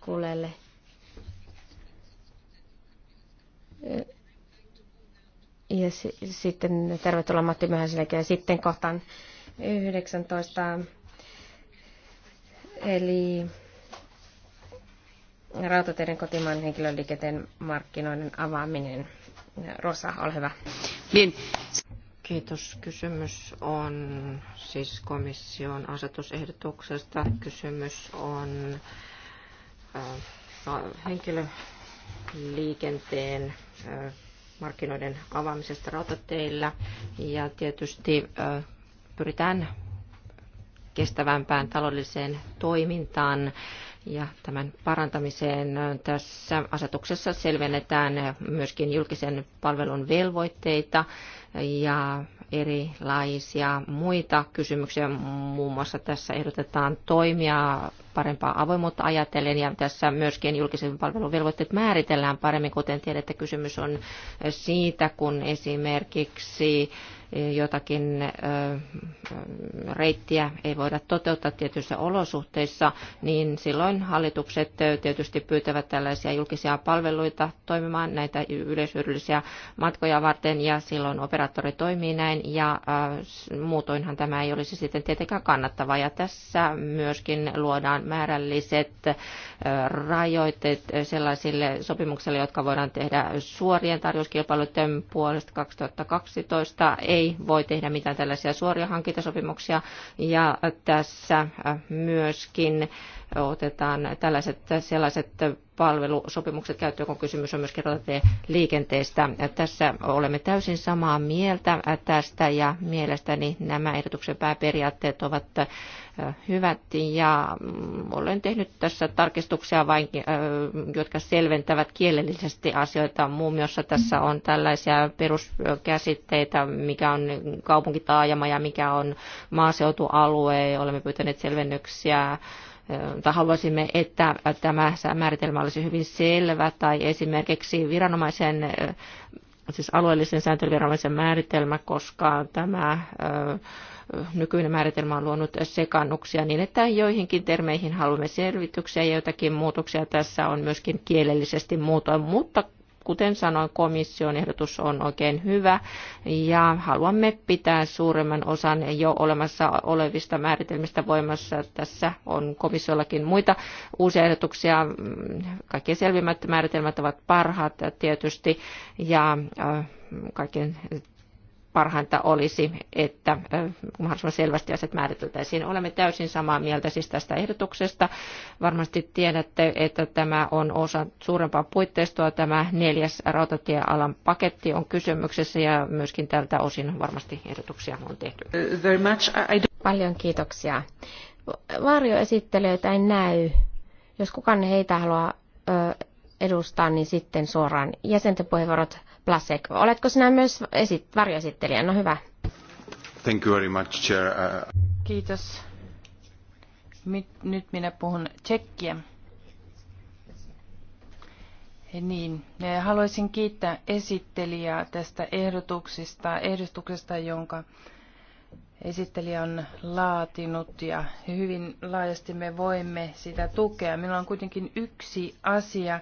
Kulelle. Ja si- sitten tervetuloa Matti Myhäsenäkin ja sitten kohtaan 19. Eli rautateiden kotimaan henkilöliikenteen markkinoiden avaaminen. Rosa, ole hyvä. Niin. Kiitos. Kysymys on siis komission asetusehdotuksesta. Kysymys on äh, henkilöliikenteen äh, markkinoiden avaamisesta rautateillä ja tietysti pyritään kestävämpään taloudelliseen toimintaan ja tämän parantamiseen tässä asetuksessa selvennetään myöskin julkisen palvelun velvoitteita ja erilaisia muita kysymyksiä. Muun muassa tässä ehdotetaan toimia parempaa avoimuutta ajatellen ja tässä myöskin julkisen palvelun velvoitteet määritellään paremmin, kuten tiedätte, kysymys on siitä, kun esimerkiksi jotakin reittiä ei voida toteuttaa tietyissä olosuhteissa, niin silloin hallitukset tietysti pyytävät tällaisia julkisia palveluita toimimaan näitä yleishyödyllisiä matkoja varten ja silloin operaattori toimii näin ja muutoinhan tämä ei olisi sitten tietenkään kannattavaa ja tässä myöskin luodaan määrälliset rajoitteet sellaisille sopimuksille, jotka voidaan tehdä suorien tarjouskilpailuiden puolesta 2012 ei ei voi tehdä mitään tällaisia suoria hankintasopimuksia. Ja tässä äh, myöskin otetaan tällaiset sellaiset palvelusopimukset käyttöön, kun kysymys on myöskin liikenteestä. Tässä olemme täysin samaa mieltä tästä ja mielestäni nämä ehdotuksen pääperiaatteet ovat äh, hyvät ja mm, olen tehnyt tässä tarkistuksia vain, äh, jotka selventävät kielellisesti asioita. Muun muassa tässä on tällaisia peruskäsitteitä, mikä on kaupunkitaajama ja mikä on maaseutualue. Olemme pyytäneet selvennyksiä tai haluaisimme, että tämä määritelmä olisi hyvin selvä, tai esimerkiksi viranomaisen, siis alueellisen sääntelyviranomaisen määritelmä, koska tämä nykyinen määritelmä on luonut sekannuksia niin, että joihinkin termeihin haluamme selvityksiä ja joitakin muutoksia tässä on myöskin kielellisesti muutoin, mutta kuten sanoin, komission ehdotus on oikein hyvä ja haluamme pitää suuremman osan jo olemassa olevista määritelmistä voimassa. Tässä on komissiollakin muita uusia ehdotuksia. Kaikki selvimmät määritelmät ovat parhaat tietysti ja äh, kaiken parhainta olisi, että mahdollisimman selvästi asiat määriteltäisiin. Olemme täysin samaa mieltä siis tästä ehdotuksesta. Varmasti tiedätte, että tämä on osa suurempaa puitteistoa. Tämä neljäs rautatiealan paketti on kysymyksessä ja myöskin tältä osin varmasti ehdotuksia on tehty. Uh, very much. I Paljon kiitoksia. Varjoesittelijöitä ei näy. Jos kukaan heitä haluaa edustaa, niin sitten suoraan jäsenten puheenvuorot. Plasek, oletko sinä myös esit- varjoesittelijä? No hyvä. Thank you very much, Chair. Uh... Kiitos. Nyt minä puhun tsekkiä. E, niin, e, haluaisin kiittää esittelijää tästä ehdotuksesta, ehdotuksesta jonka esittelijä on laatinut ja hyvin laajasti me voimme sitä tukea. Minulla on kuitenkin yksi asia,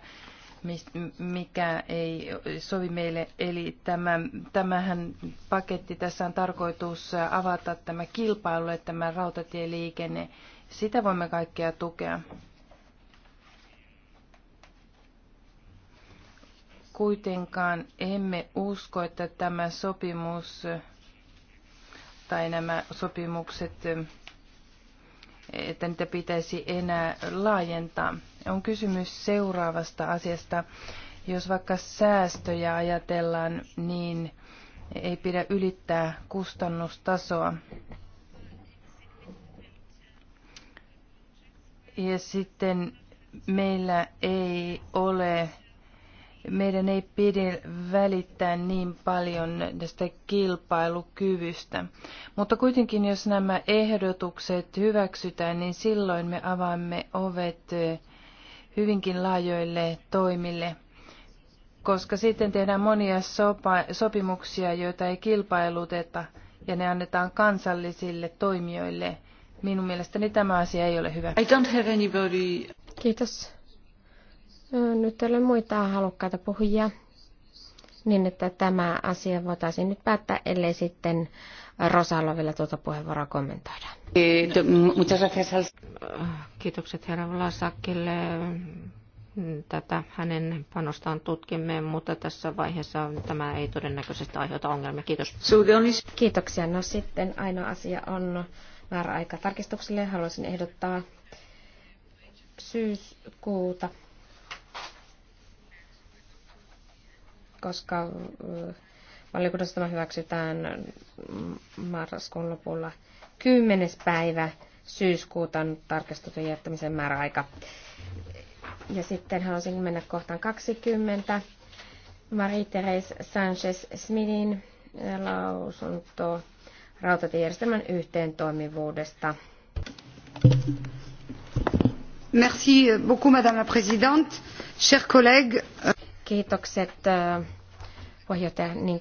mikä ei sovi meille, eli tämä, tämähän paketti, tässä on tarkoitus avata tämä kilpailu, että tämä rautatieliikenne, sitä voimme kaikkea tukea. Kuitenkaan emme usko, että tämä sopimus tai nämä sopimukset, että niitä pitäisi enää laajentaa. On kysymys seuraavasta asiasta. Jos vaikka säästöjä ajatellaan, niin ei pidä ylittää kustannustasoa. Ja sitten meillä ei ole meidän ei pidä välittää niin paljon tästä kilpailukyvystä. Mutta kuitenkin, jos nämä ehdotukset hyväksytään, niin silloin me avaamme ovet eh, hyvinkin laajoille toimille, koska sitten tehdään monia sopa- sopimuksia, joita ei kilpailuteta, ja ne annetaan kansallisille toimijoille. Minun mielestäni tämä asia ei ole hyvä. I don't have anybody. Kiitos. Nyt ei ole muita halukkaita puhujia, niin että tämä asia voitaisiin nyt päättää, ellei sitten Rosalla vielä tuota puheenvuoroa kommentoida. Kiitokset herra Vlasakille. Tätä hänen panostaan tutkimme, mutta tässä vaiheessa tämä ei todennäköisesti aiheuta ongelmia. Kiitos. Kiitoksia. No sitten ainoa asia on määräaika tarkistukselle. Haluaisin ehdottaa syyskuuta koska valiokunnassa tämä hyväksytään marraskuun lopulla 10. päivä syyskuuta tarkistetun jättämisen määräaika. Ja sitten haluaisin mennä kohtaan 20. Marie-Therese Sanchez-Smithin lausunto rautatiejärjestelmän yhteentoimivuudesta. Merci beaucoup, Madame la Présidente. Chers collègues, Kiitokset puheenjohtaja, niin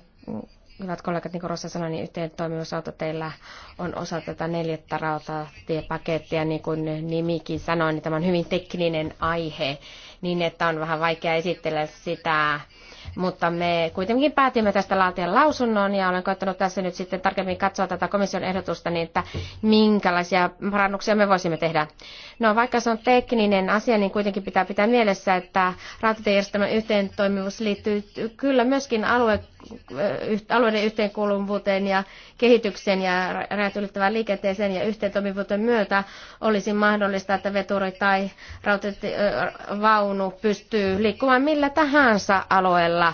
hyvät kollegat, niin kuin Rossa sanoi, niin yhteen toimivuusauto teillä on osa tätä neljättä rautatiepakettia, niin kuin nimikin sanoi, niin tämä on hyvin tekninen aihe, niin että on vähän vaikea esitellä sitä mutta me kuitenkin päätimme tästä laatia lausunnon ja olen koettanut tässä nyt sitten tarkemmin katsoa tätä komission ehdotusta, niin että minkälaisia parannuksia me voisimme tehdä. No vaikka se on tekninen asia, niin kuitenkin pitää pitää mielessä, että rautatiejärjestelmän yhteentoimivuus liittyy kyllä myöskin alue, äh, alueiden yhteenkuuluvuuteen ja kehitykseen ja rajat ylittävään liikenteeseen ja yhteentoimivuuteen myötä olisi mahdollista, että veturi tai rautatievaunu pystyy liikkumaan millä tahansa alueella osana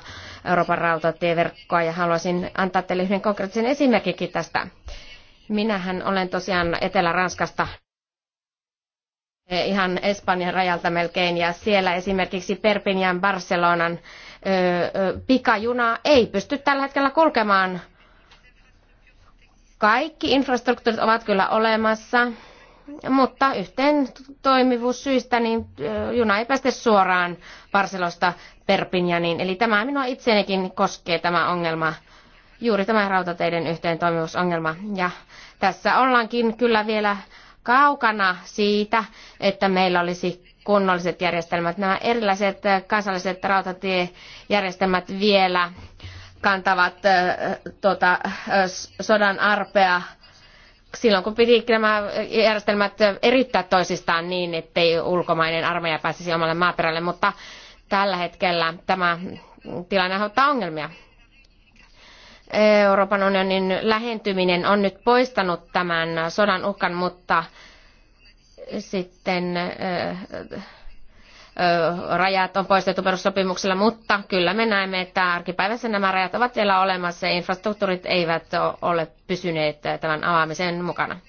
Euroopan rautatieverkkoa ja haluaisin antaa teille yhden konkreettisen esimerkinkin tästä. Minähän olen tosiaan Etelä-Ranskasta eh, ihan Espanjan rajalta melkein ja siellä esimerkiksi Perpignan Barcelonan pikajuna ei pysty tällä hetkellä kulkemaan. Kaikki infrastruktuurit ovat kyllä olemassa mutta yhteen toimivuussyistä niin juna ei päästä suoraan varselosta Perpinjaniin. Eli tämä minua itseenikin koskee tämä ongelma, juuri tämä rautateiden yhteen toimivuusongelma. Ja tässä ollaankin kyllä vielä kaukana siitä, että meillä olisi kunnolliset järjestelmät. Nämä erilaiset kansalliset rautatiejärjestelmät vielä kantavat tuota, sodan arpea silloin kun piti nämä järjestelmät erittää toisistaan niin, ettei ulkomainen armeija pääsisi omalle maaperälle, mutta tällä hetkellä tämä tilanne aiheuttaa ongelmia. Euroopan unionin lähentyminen on nyt poistanut tämän sodan uhkan, mutta sitten eh, rajat on poistettu perussopimuksella, mutta kyllä me näemme, että arkipäivässä nämä rajat ovat vielä olemassa ja infrastruktuurit eivät ole pysyneet tämän avaamisen mukana.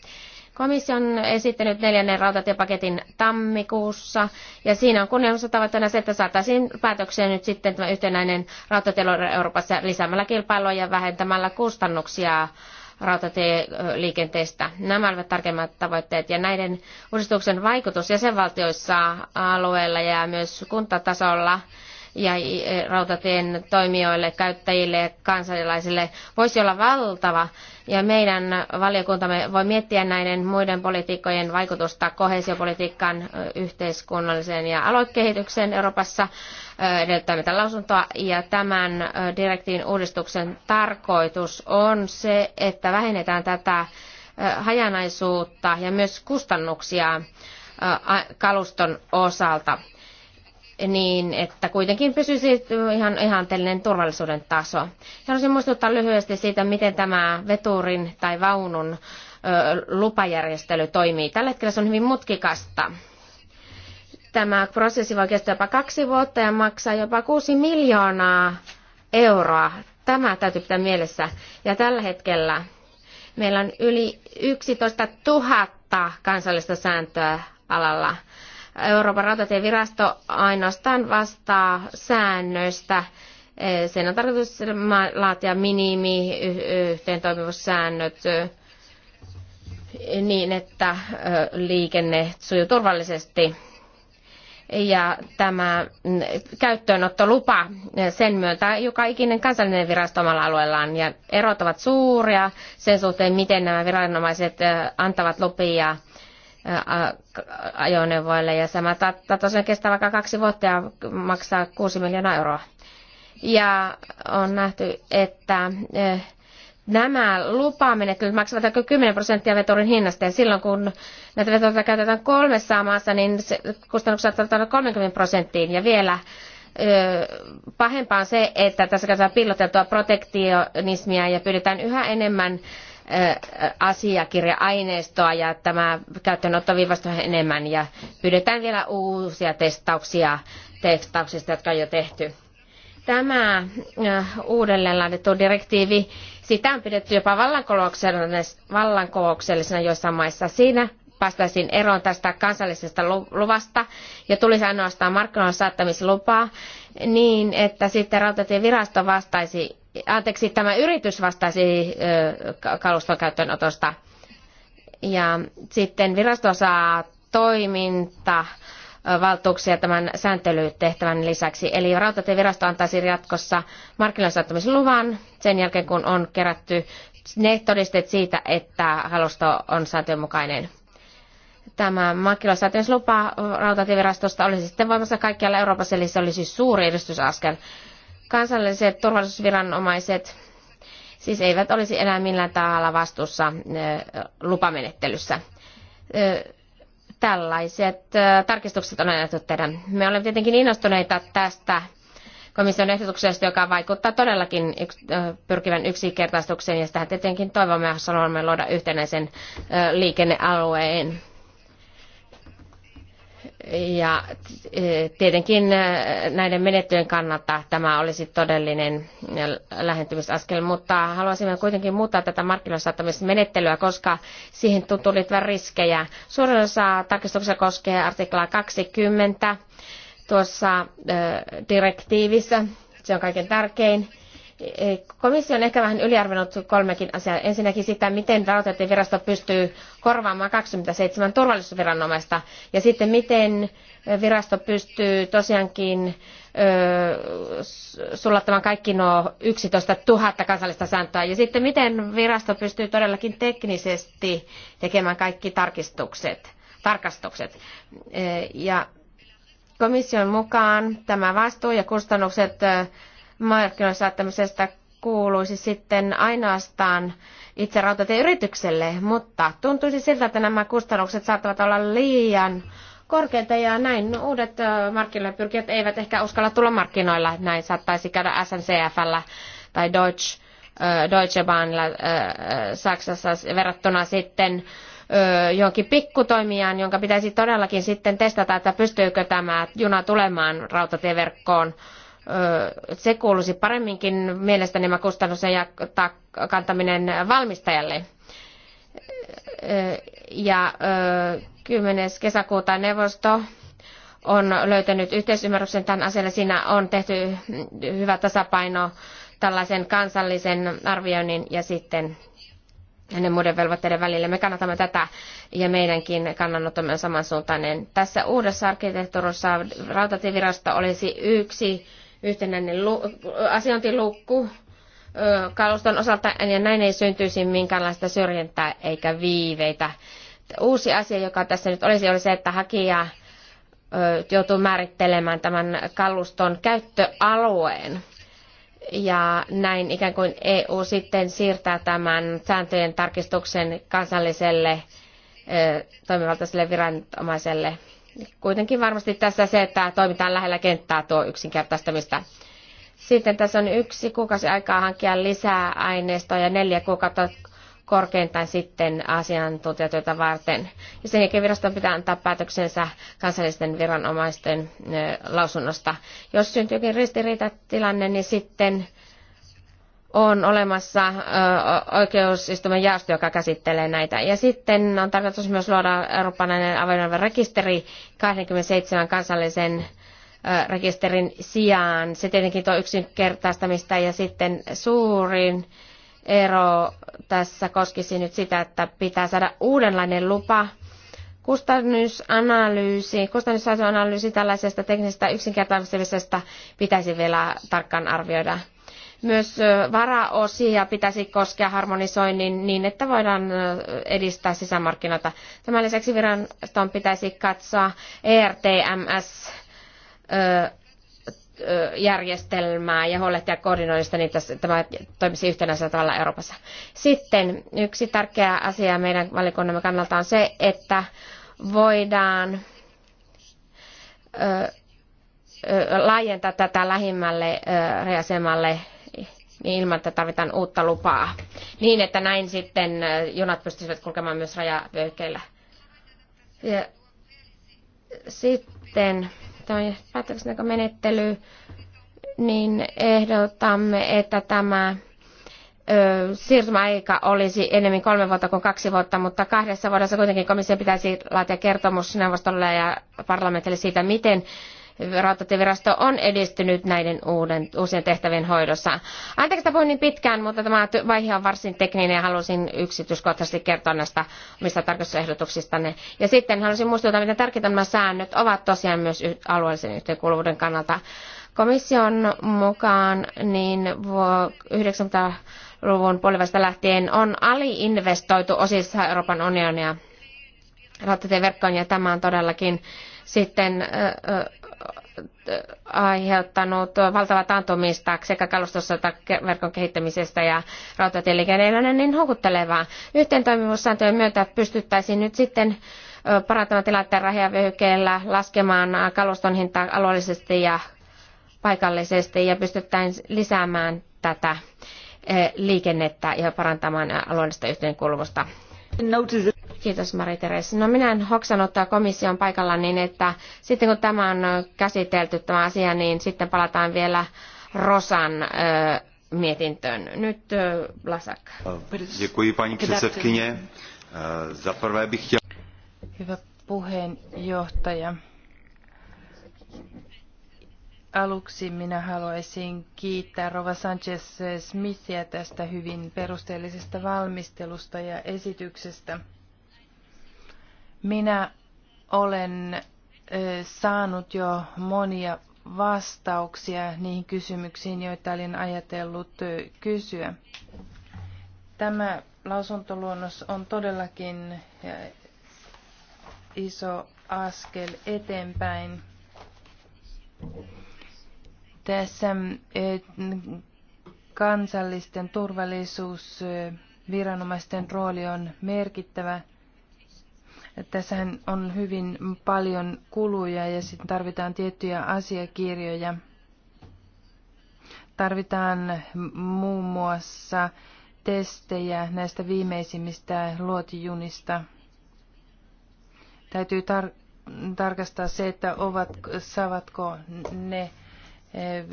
Komissio on esittänyt neljännen rautatiepaketin tammikuussa, ja siinä on kunnianhimoisena tavoitteena se, että saataisiin päätökseen nyt sitten tämä yhtenäinen rautatietalous Euroopassa lisäämällä kilpailua ja vähentämällä kustannuksia rautatieliikenteestä. Nämä olivat tarkemmat tavoitteet ja näiden uudistuksen vaikutus jäsenvaltioissa alueella ja myös kuntatasolla ja e, rautatien toimijoille, käyttäjille ja kansalaisille voisi olla valtava. Ja meidän valiokuntamme voi miettiä näiden muiden politiikkojen vaikutusta kohesiopolitiikkaan yhteiskunnalliseen ja aloitkehitykseen Euroopassa edellyttää meitä lausuntoa. Ja tämän direktiin uudistuksen tarkoitus on se, että vähennetään tätä hajanaisuutta ja myös kustannuksia kaluston osalta niin että kuitenkin pysyisi ihan ihanteellinen turvallisuuden taso. Haluaisin muistuttaa lyhyesti siitä, miten tämä veturin tai vaunun lupajärjestely toimii. Tällä hetkellä se on hyvin mutkikasta. Tämä prosessi voi kestää jopa kaksi vuotta ja maksaa jopa kuusi miljoonaa euroa. Tämä täytyy pitää mielessä. Ja tällä hetkellä meillä on yli 11 000 kansallista sääntöä alalla. Euroopan rautatievirasto ainoastaan vastaa säännöistä. E, sen on tarkoitus laatia minimi yhteentoimivuussäännöt e, niin, että e, liikenne sujuu turvallisesti ja tämä mm, käyttöönottolupa, sen myötä, joka ikinen kansallinen virasto omalla alueellaan ja erot ovat suuria sen suhteen, miten nämä viranomaiset antavat lupia ajoneuvoille ja sama tosiaan kestää vaikka kaksi vuotta ja maksaa 6 miljoonaa euroa. Ja on nähty, että nämä lupamenettelyt maksavat aika 10 prosenttia veturin hinnasta ja silloin kun näitä vetoja käytetään kolmessa maassa, niin se kustannukset saattavat olla 30 prosenttiin ja vielä pahempaa on se, että tässä käytetään pilloteltua protektionismia ja pyydetään yhä enemmän asiakirja-aineistoa ja tämä käyttöönotto viivastuu enemmän ja pyydetään vielä uusia testauksia tekstauksista, jotka on jo tehty. Tämä uudelleen laadittu direktiivi, sitä on pidetty jopa vallankumouksellisena joissain maissa. Siinä päästäisiin eroon tästä kansallisesta luvasta ja tulisi ainoastaan markkinoille saattamislupaa niin, että sitten rautatievirasto vastaisi anteeksi, tämä yritys vastasi kaluston käyttöönotosta. Ja sitten virasto saa toiminta valtuuksia tämän sääntelytehtävän lisäksi. Eli rautatievirasto antaisi jatkossa markkinoille sen jälkeen, kun on kerätty ne todisteet siitä, että kalusto on sääntöjen mukainen. Tämä markkinoille lupa rautatievirastosta olisi sitten voimassa kaikkialla Euroopassa, eli se olisi suuri edistysaskel kansalliset turvallisuusviranomaiset siis eivät olisi enää millään tavalla vastuussa lupamenettelyssä. Tällaiset tarkistukset on annettu tehdä. Me olemme tietenkin innostuneita tästä komission ehdotuksesta, joka vaikuttaa todellakin pyrkivän yksinkertaistukseen, ja sitä tietenkin toivomme ja haluamme luoda yhtenäisen liikennealueen ja e, tietenkin e, näiden menettelyjen kannalta tämä olisi todellinen e, lähentymisaskel, mutta haluaisimme kuitenkin muuttaa tätä markkinoille menettelyä, koska siihen tuntuu liittyvän riskejä. Suurin osa tarkistuksia koskee artiklaa 20 tuossa direktiivissä, se on kaiken tärkein Komissio on ehkä vähän yliarvonnut kolmekin asiaa. Ensinnäkin sitä, miten rautatievirasto pystyy korvaamaan 27 turvallisuusviranomaista ja sitten miten virasto pystyy tosiaankin ö, sulattamaan kaikki nuo 11 000 kansallista sääntöä ja sitten miten virasto pystyy todellakin teknisesti tekemään kaikki tarkistukset, tarkastukset. ja komission mukaan tämä vastuu ja kustannukset markkinoille saattamisesta kuuluisi sitten ainoastaan itse rautatieyritykselle, mutta tuntuisi siltä, että nämä kustannukset saattavat olla liian korkeita ja näin uudet markkinoille pyrkijät eivät ehkä uskalla tulla markkinoilla. Näin saattaisi käydä SNCFllä tai Deutsche, Deutsche Bahnilla Saksassa verrattuna sitten jonkin pikkutoimijaan, jonka pitäisi todellakin sitten testata, että pystyykö tämä juna tulemaan rautatieverkkoon se kuuluisi paremminkin mielestäni nämä kustannuksen kantaminen valmistajalle. Ja 10. kesäkuuta neuvosto on löytänyt yhteisymmärryksen tämän asialle. Siinä on tehty hyvä tasapaino tällaisen kansallisen arvioinnin ja sitten hänen muiden velvoitteiden välillä. Me kannatamme tätä ja meidänkin kannanottomme on samansuuntainen. Tässä uudessa arkkitehtuurissa rautatievirasto olisi yksi yhtenäinen asiointiluukku kaluston osalta, ja näin ei syntyisi minkäänlaista syrjintää eikä viiveitä. Uusi asia, joka tässä nyt olisi, oli se, että hakija joutuu määrittelemään tämän kaluston käyttöalueen. Ja näin ikään kuin EU sitten siirtää tämän sääntöjen tarkistuksen kansalliselle toimivaltaiselle viranomaiselle kuitenkin varmasti tässä se, että toimitaan lähellä kenttää tuo yksinkertaistamista. Sitten tässä on yksi kuukausi aikaa hankkia lisää aineistoa ja neljä kuukautta korkeintaan sitten asiantuntijatyötä varten. Ja sen jälkeen viraston pitää antaa päätöksensä kansallisten viranomaisten lausunnosta. Jos syntyykin ristiriitatilanne, niin sitten on olemassa oikeusistuimen jaosto, joka käsittelee näitä. Ja sitten on tarkoitus myös luoda eurooppalainen avoimen rekisteri 27 kansallisen rekisterin sijaan. Se tietenkin tuo yksinkertaistamista ja sitten suurin ero tässä koskisi nyt sitä, että pitää saada uudenlainen lupa kustannusanalyysi, kustannusanalyysi tällaisesta teknisestä yksinkertaistamisesta pitäisi vielä tarkkaan arvioida myös varaosia pitäisi koskea harmonisoinnin niin, että voidaan edistää sisämarkkinoita. Tämän lisäksi viraston pitäisi katsoa ERTMS järjestelmää ja huolehtia koordinoinnista, niin että tämä toimisi yhtenäisellä tavalla Euroopassa. Sitten yksi tärkeä asia meidän valikunnamme kannalta on se, että voidaan laajentaa tätä lähimmälle ö, reasemalle niin, ilman, että tarvitaan uutta lupaa. Niin, että näin sitten junat pystyisivät kulkemaan myös rajavyöhykkeillä. Ja sitten tämä päätöksentekomenettely, niin ehdotamme, että tämä siirtymäaika olisi enemmän kolme vuotta kuin kaksi vuotta, mutta kahdessa vuodessa kuitenkin komissio pitäisi laatia kertomus neuvostolle ja parlamentille siitä, miten rautatievirasto on edistynyt näiden uuden, uusien tehtävien hoidossa. Anteeksi, että puhuin niin pitkään, mutta tämä vaihe on varsin tekninen ja halusin yksityiskohtaisesti kertoa näistä omista tarkastusehdotuksistanne. Ja sitten halusin muistuttaa, miten tärkeitä nämä säännöt ovat tosiaan myös alueellisen yhteenkuuluvuuden kannalta. Komission mukaan niin 90-luvun puolivälistä lähtien on aliinvestoitu osissa Euroopan unionia rautatieverkkoon ja tämä on todellakin sitten aiheuttanut valtavaa taantumista sekä kalustossa että verkon kehittämisestä ja rautatieliikenne niin houkuttelevaa. Yhteentoimivuussääntöjen myötä pystyttäisiin nyt sitten parantamaan tilanteen rajavyöhykkeellä, laskemaan kaluston hintaa alueellisesti ja paikallisesti ja pystyttäisiin lisäämään tätä liikennettä ja parantamaan alueellista yhteenkuuluvuutta. Kiitos Mari Teres. No minä en hoksan ottaa komission paikalla niin, että sitten kun tämä on käsitelty tämä asia, niin sitten palataan vielä Rosan ö, mietintöön. Nyt ö, Lasak. Hyvä puheenjohtaja. Aluksi minä haluaisin kiittää Rova Sanchez Smithia tästä hyvin perusteellisesta valmistelusta ja esityksestä. Minä olen saanut jo monia vastauksia niihin kysymyksiin, joita olin ajatellut kysyä. Tämä lausuntoluonnos on todellakin iso askel eteenpäin. Tässä kansallisten turvallisuusviranomaisten rooli on merkittävä – Tässähän on hyvin paljon kuluja ja sitten tarvitaan tiettyjä asiakirjoja. Tarvitaan muun muassa testejä näistä viimeisimmistä luotijunista. Täytyy tar- tarkastaa se, että ovat, saavatko ne eh,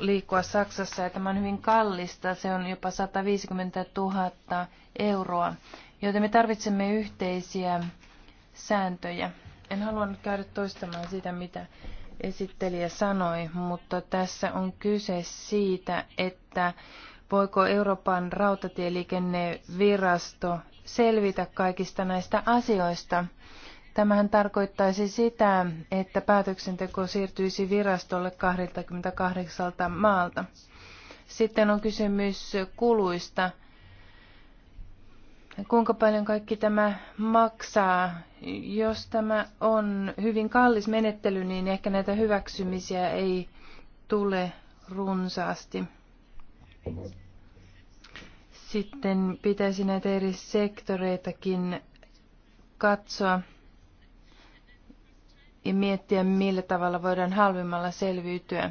liikkua Saksassa ja tämä on hyvin kallista. Se on jopa 150 000 euroa. Joten me tarvitsemme yhteisiä sääntöjä. En halua nyt käydä toistamaan sitä, mitä esittelijä sanoi, mutta tässä on kyse siitä, että voiko Euroopan rautatieliikennevirasto selvitä kaikista näistä asioista. Tämähän tarkoittaisi sitä, että päätöksenteko siirtyisi virastolle 28 maalta. Sitten on kysymys kuluista kuinka paljon kaikki tämä maksaa. Jos tämä on hyvin kallis menettely, niin ehkä näitä hyväksymisiä ei tule runsaasti. Sitten pitäisi näitä eri sektoreitakin katsoa ja miettiä, millä tavalla voidaan halvimmalla selviytyä.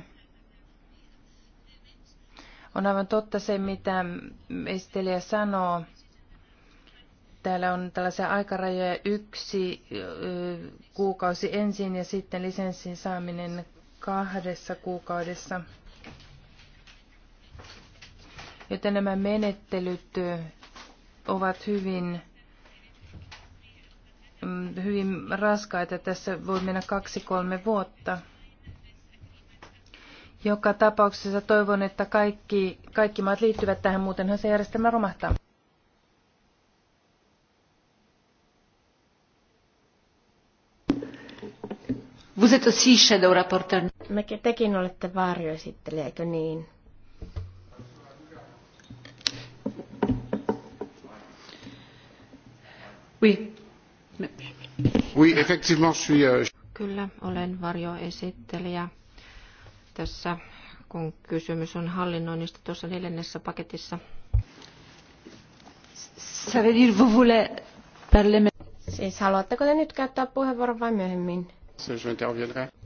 On aivan totta se, mitä esittelijä sanoo täällä on tällaisia aikarajoja yksi kuukausi ensin ja sitten lisenssin saaminen kahdessa kuukaudessa. Joten nämä menettelyt ovat hyvin, mm, hyvin raskaita. Tässä voi mennä kaksi-kolme vuotta. Joka tapauksessa toivon, että kaikki, kaikki maat liittyvät tähän, muutenhan se järjestelmä romahtaa. Vous êtes aussi shadow rapporteur. Mekin tekin olette varjoesittelijä, eikö niin? Oui. Oui, effectivement, je suis... Euh, Kyllä, olen varjoesittelijä. Tässä kun kysymys on hallinnoinnista tuossa neljännessä paketissa. Ça veut dire, vous voulez parler... Siis haluatteko te nyt käyttää puheenvuoron vai myöhemmin?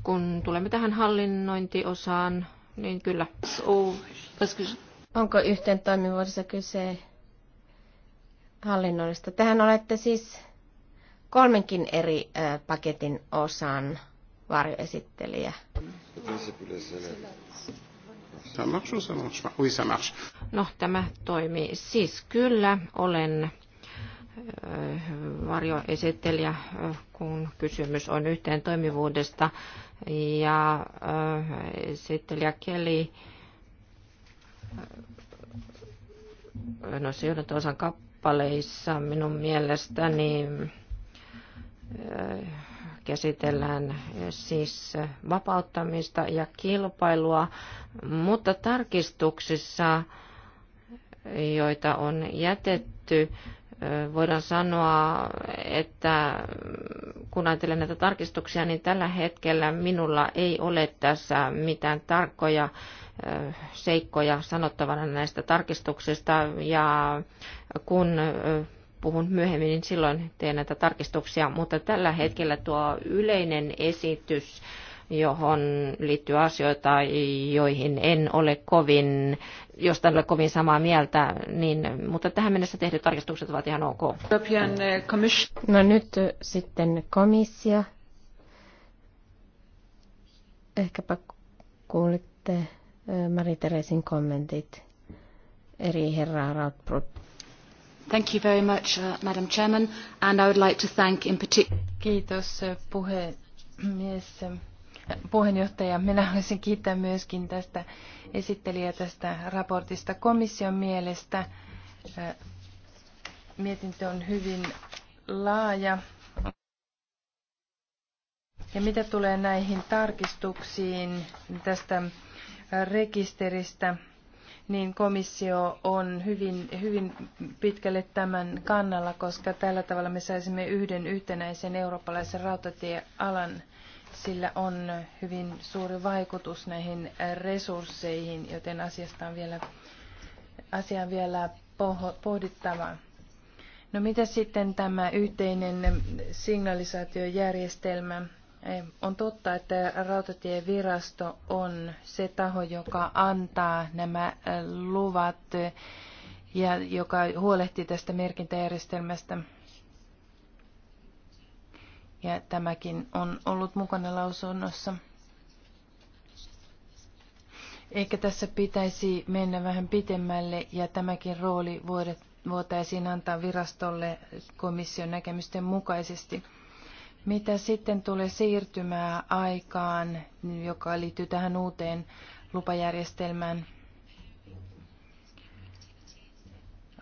Kun tulemme tähän hallinnointiosaan, niin kyllä. Onko yhteen toimivuudessa kyse hallinnollista? Tähän olette siis kolmenkin eri paketin osan varjoesittelijä. No, tämä toimii. Siis kyllä, olen varjoesittelijä, kun kysymys on yhteen toimivuudesta. Ja äh, esittelijä Keli, no se osan kappaleissa minun mielestäni äh, käsitellään siis vapauttamista ja kilpailua, mutta tarkistuksissa, joita on jätetty, voidaan sanoa, että kun ajattelen näitä tarkistuksia, niin tällä hetkellä minulla ei ole tässä mitään tarkkoja seikkoja sanottavana näistä tarkistuksista. Ja kun puhun myöhemmin, niin silloin teen näitä tarkistuksia. Mutta tällä hetkellä tuo yleinen esitys johon liittyy asioita, joihin en ole kovin, josta en ole kovin samaa mieltä, niin, mutta tähän mennessä tehdyt tarkistukset ovat ihan ok. Eh, no nyt eh, sitten komissio. Ehkäpä kuulitte eh, Mari-Teresin kommentit eri herraa Rautbrut. Thank you very much, uh, Madam Chairman, and I would like to thank in particular... Kiitos puhemies puheenjohtaja. Minä haluaisin kiittää myöskin tästä esittelijä tästä raportista komission mielestä. Mietintö on hyvin laaja. Ja mitä tulee näihin tarkistuksiin tästä rekisteristä, niin komissio on hyvin, hyvin pitkälle tämän kannalla, koska tällä tavalla me saisimme yhden yhtenäisen eurooppalaisen rautatiealan sillä on hyvin suuri vaikutus näihin resursseihin, joten asiasta on vielä, asiaan vielä pohdittava. No mitä sitten tämä yhteinen signalisaatiojärjestelmä? Eh, on totta, että rautatievirasto on se taho, joka antaa nämä eh, luvat ja joka huolehtii tästä merkintäjärjestelmästä ja tämäkin on ollut mukana lausunnossa. Ehkä tässä pitäisi mennä vähän pitemmälle ja tämäkin rooli voitaisiin antaa virastolle komission näkemysten mukaisesti. Mitä sitten tulee siirtymää aikaan, joka liittyy tähän uuteen lupajärjestelmään?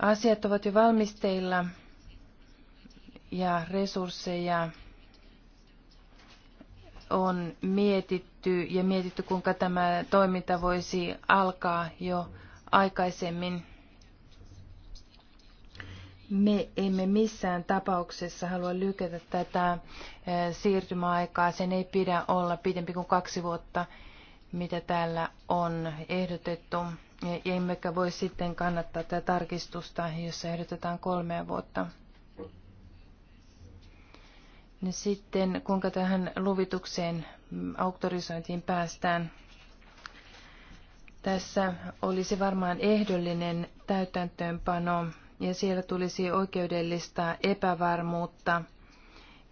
Asiat ovat jo valmisteilla ja resursseja on mietitty ja mietitty, kuinka tämä toiminta voisi alkaa jo aikaisemmin. Me emme missään tapauksessa halua lykätä tätä eh, siirtymäaikaa. Sen ei pidä olla pidempi kuin kaksi vuotta, mitä täällä on ehdotettu. Emmekä voi sitten kannattaa tätä tarkistusta, jossa ehdotetaan kolmea vuotta. Sitten kuinka tähän luvitukseen mm, auktorisointiin päästään. Tässä olisi varmaan ehdollinen täytäntöönpano ja siellä tulisi oikeudellista epävarmuutta.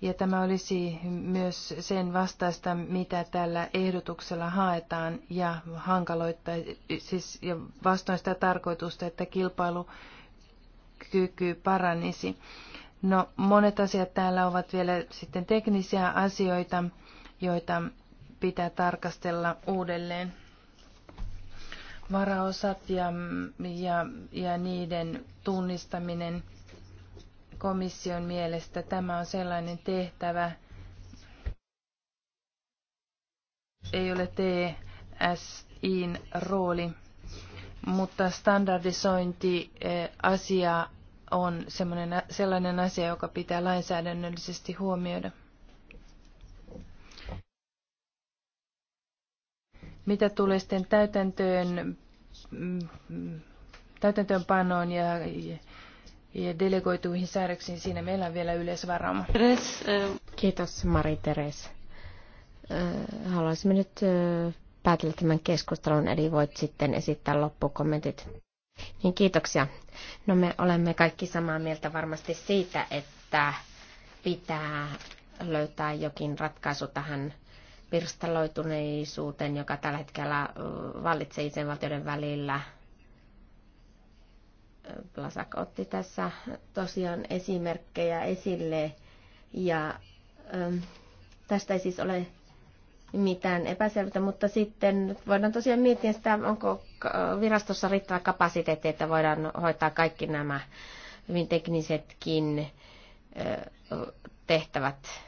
Ja tämä olisi myös sen vastaista, mitä tällä ehdotuksella haetaan ja hankaloittaa. siis, ja vastoin sitä tarkoitusta, että kilpailukyky paranisi. No, monet asiat täällä ovat vielä sitten teknisiä asioita, joita pitää tarkastella uudelleen. Varaosat ja, ja, ja niiden tunnistaminen komission mielestä tämä on sellainen tehtävä, ei ole TSIin rooli, mutta standardisointi eh, asia on sellainen, sellainen asia, joka pitää lainsäädännöllisesti huomioida. Mitä tulee sitten täytäntöön, mm, täytäntöönpanoon ja, ja delegoituihin säädöksiin, siinä meillä on vielä yleisvarama. Kiitos Mari-Teres. Haluaisimme nyt päätellä tämän keskustelun, eli voit sitten esittää loppukommentit. Niin kiitoksia. No me olemme kaikki samaa mieltä varmasti siitä, että pitää löytää jokin ratkaisu tähän pirstaloituneisuuteen, joka tällä hetkellä vallitsee isänvaltioiden välillä. Blasak otti tässä tosiaan esimerkkejä esille ja ähm, tästä ei siis ole mitään epäselvyyttä, mutta sitten voidaan tosiaan miettiä sitä, onko virastossa riittävä kapasiteetti, että voidaan hoitaa kaikki nämä hyvin teknisetkin tehtävät.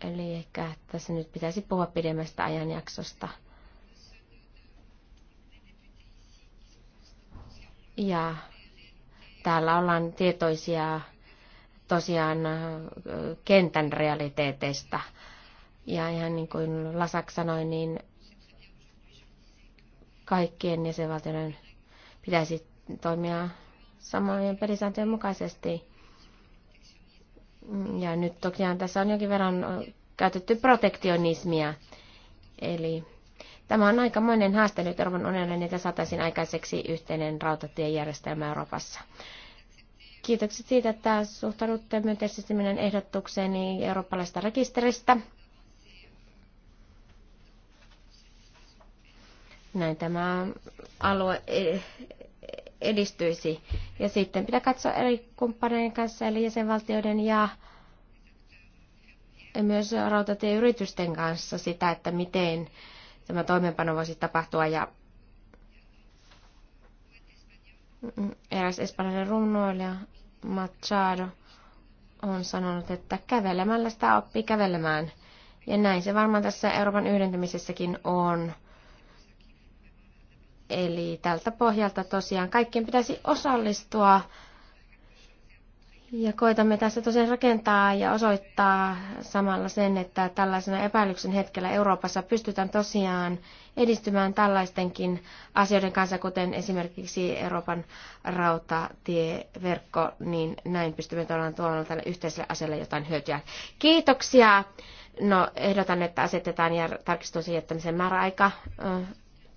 Eli ehkä tässä nyt pitäisi puhua pidemmästä ajanjaksosta. Ja täällä ollaan tietoisia tosiaan kentän realiteeteista – ja ihan niin kuin Lasak sanoi, niin kaikkien jäsenvaltioiden pitäisi toimia samojen pelisääntöjen mukaisesti. Ja nyt toki tässä on jonkin verran käytetty protektionismia. Eli tämä on aikamoinen haaste nyt Euroopan unionille, niin että saataisiin aikaiseksi yhteinen rautatiejärjestelmä Euroopassa. Kiitokset siitä, että suhtaudutte myönteisesti minun ehdotukseeni eurooppalaisesta rekisteristä. Näin tämä alue e, edistyisi. Ja sitten pitää katsoa eri kumppaneiden kanssa, eli jäsenvaltioiden ja myös rautatieyritysten kanssa sitä, että miten tämä toimeenpano voisi tapahtua. Ja eräs espanjalainen runoilija Machado on sanonut, että kävelemällä sitä oppii kävelemään. Ja näin se varmaan tässä Euroopan yhdentymisessäkin on. Eli tältä pohjalta tosiaan kaikkien pitäisi osallistua ja koitamme tässä tosiaan rakentaa ja osoittaa samalla sen, että tällaisena epäilyksen hetkellä Euroopassa pystytään tosiaan edistymään tällaistenkin asioiden kanssa, kuten esimerkiksi Euroopan rautatieverkko, niin näin pystymme tuomaan tuomaan tälle yhteiselle asialle jotain hyötyä. Kiitoksia! No, ehdotan, että asetetaan ja tarkistuksen jättämisen määräaika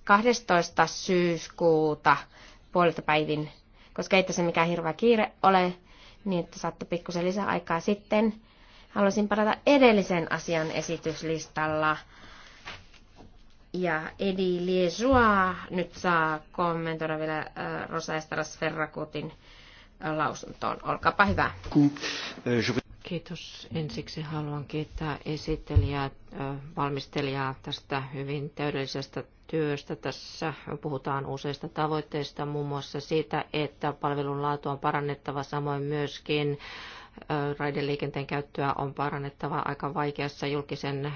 12. syyskuuta puolilta päivin, koska ei tässä mikään hirveä kiire ole, niin että saatte pikkusen lisäaikaa sitten. Haluaisin palata edellisen asian esityslistalla. Ja Edi Liesua nyt saa kommentoida vielä äh, Rosa Estras Ferrakutin äh, lausuntoon. Olkaapa hyvä. Kiitos. Ensiksi haluan kiittää esittelijää, äh, valmistelijaa tästä hyvin täydellisestä työstä. Tässä puhutaan useista tavoitteista, muun muassa siitä, että palvelun laatu on parannettava, samoin myöskin raideliikenteen käyttöä on parannettava aika vaikeassa julkisen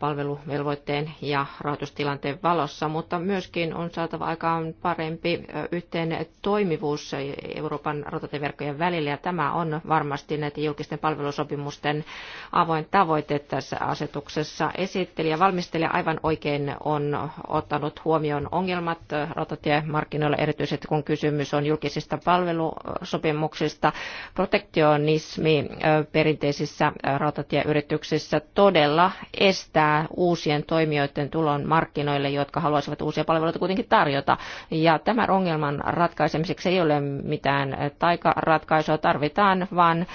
palveluvelvoitteen ja rahoitustilanteen valossa, mutta myöskin on saatava aikaan parempi yhteen toimivuus Euroopan rautatieverkkojen välillä, ja tämä on varmasti näiden julkisten palvelusopimusten avoin tavoite tässä asetuksessa. Esittelijä, valmistelija aivan oikein on ottanut huomioon ongelmat rautatiemarkkinoilla, erityisesti kun kysymys on julkisista palvelusopimuksista. Protektionismi perinteisissä rautatieyrityksissä todella estää estää uusien toimijoiden tulon markkinoille, jotka haluaisivat uusia palveluita kuitenkin tarjota. Ja tämän ongelman ratkaisemiseksi ei ole mitään taikaratkaisua, tarvitaan vaan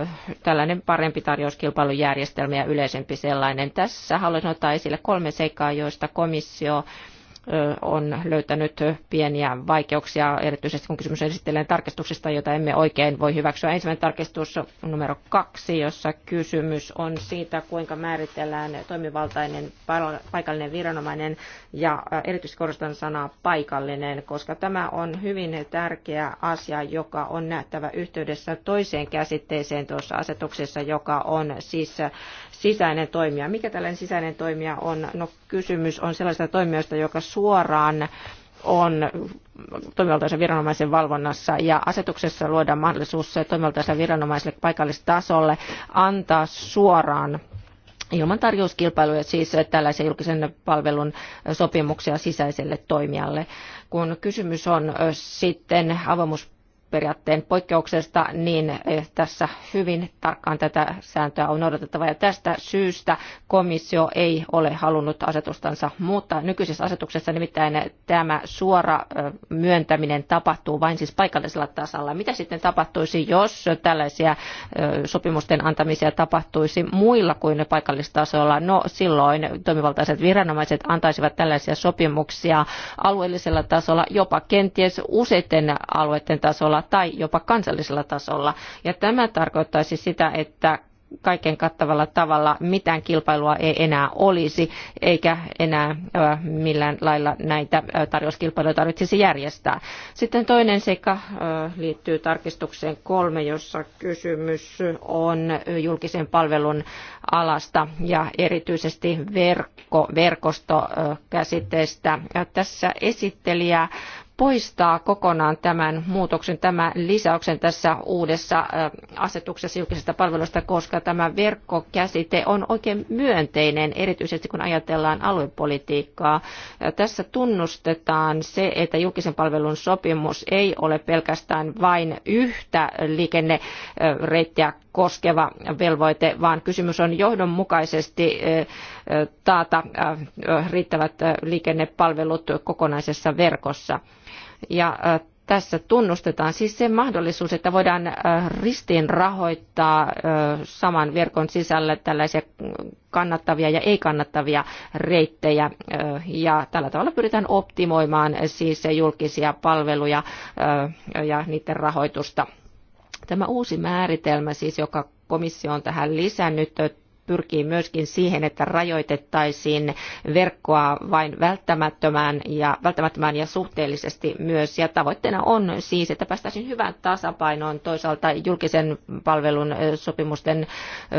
äh, tällainen parempi tarjouskilpailujärjestelmä ja yleisempi sellainen. Tässä haluaisin ottaa esille kolme seikkaa, joista komissio komissio on löytänyt pieniä vaikeuksia, erityisesti kun kysymys esittelee tarkistuksista, jota emme oikein voi hyväksyä. Ensimmäinen tarkistus numero kaksi, jossa kysymys on siitä, kuinka määritellään toimivaltainen paikallinen viranomainen ja erityisesti korostan sanaa paikallinen, koska tämä on hyvin tärkeä asia, joka on nähtävä yhteydessä toiseen käsitteeseen tuossa asetuksessa, joka on siis sisäinen toimija. Mikä tällainen sisäinen toimija on? No kysymys on sellaista toimijoista, joka suoraan on toimivaltaisen viranomaisen valvonnassa ja asetuksessa luodaan mahdollisuus toimivaltaisen viranomaiselle paikallistasolle antaa suoraan ilman tarjouskilpailuja siis tällaisen julkisen palvelun sopimuksia sisäiselle toimijalle. Kun kysymys on sitten avoimuus periaatteen poikkeuksesta, niin eh, tässä hyvin tarkkaan tätä sääntöä on odotettava. Ja tästä syystä komissio ei ole halunnut asetustansa muuttaa. Nykyisessä asetuksessa nimittäin tämä suora eh, myöntäminen tapahtuu vain siis paikallisella tasalla. Mitä sitten tapahtuisi, jos tällaisia eh, sopimusten antamisia tapahtuisi muilla kuin paikallistasolla? No silloin toimivaltaiset viranomaiset antaisivat tällaisia sopimuksia alueellisella tasolla, jopa kenties useiden alueiden tasolla tasolla tai jopa kansallisella tasolla. Ja tämä tarkoittaisi sitä, että kaiken kattavalla tavalla mitään kilpailua ei enää olisi, eikä enää millään lailla näitä tarjouskilpailuja tarvitsisi järjestää. Sitten toinen seikka liittyy tarkistukseen kolme, jossa kysymys on julkisen palvelun alasta ja erityisesti verkko, verkostokäsitteestä. Ja tässä esittelijä poistaa kokonaan tämän muutoksen, tämän lisäyksen tässä uudessa asetuksessa julkisesta palvelusta, koska tämä verkkokäsite on oikein myönteinen, erityisesti kun ajatellaan aluepolitiikkaa. Tässä tunnustetaan se, että julkisen palvelun sopimus ei ole pelkästään vain yhtä liikennereittiä koskeva velvoite, vaan kysymys on johdonmukaisesti taata riittävät liikennepalvelut kokonaisessa verkossa. Ja tässä tunnustetaan siis se mahdollisuus, että voidaan ristiin rahoittaa saman verkon sisällä tällaisia kannattavia ja ei-kannattavia reittejä. Ja tällä tavalla pyritään optimoimaan siis julkisia palveluja ja niiden rahoitusta. Tämä uusi määritelmä siis, joka komissio on tähän lisännyt, pyrkii myöskin siihen, että rajoitettaisiin verkkoa vain välttämättömään ja, välttämättömään ja suhteellisesti myös. Ja tavoitteena on siis, että päästäisiin hyvään tasapainoon toisaalta julkisen palvelun sopimusten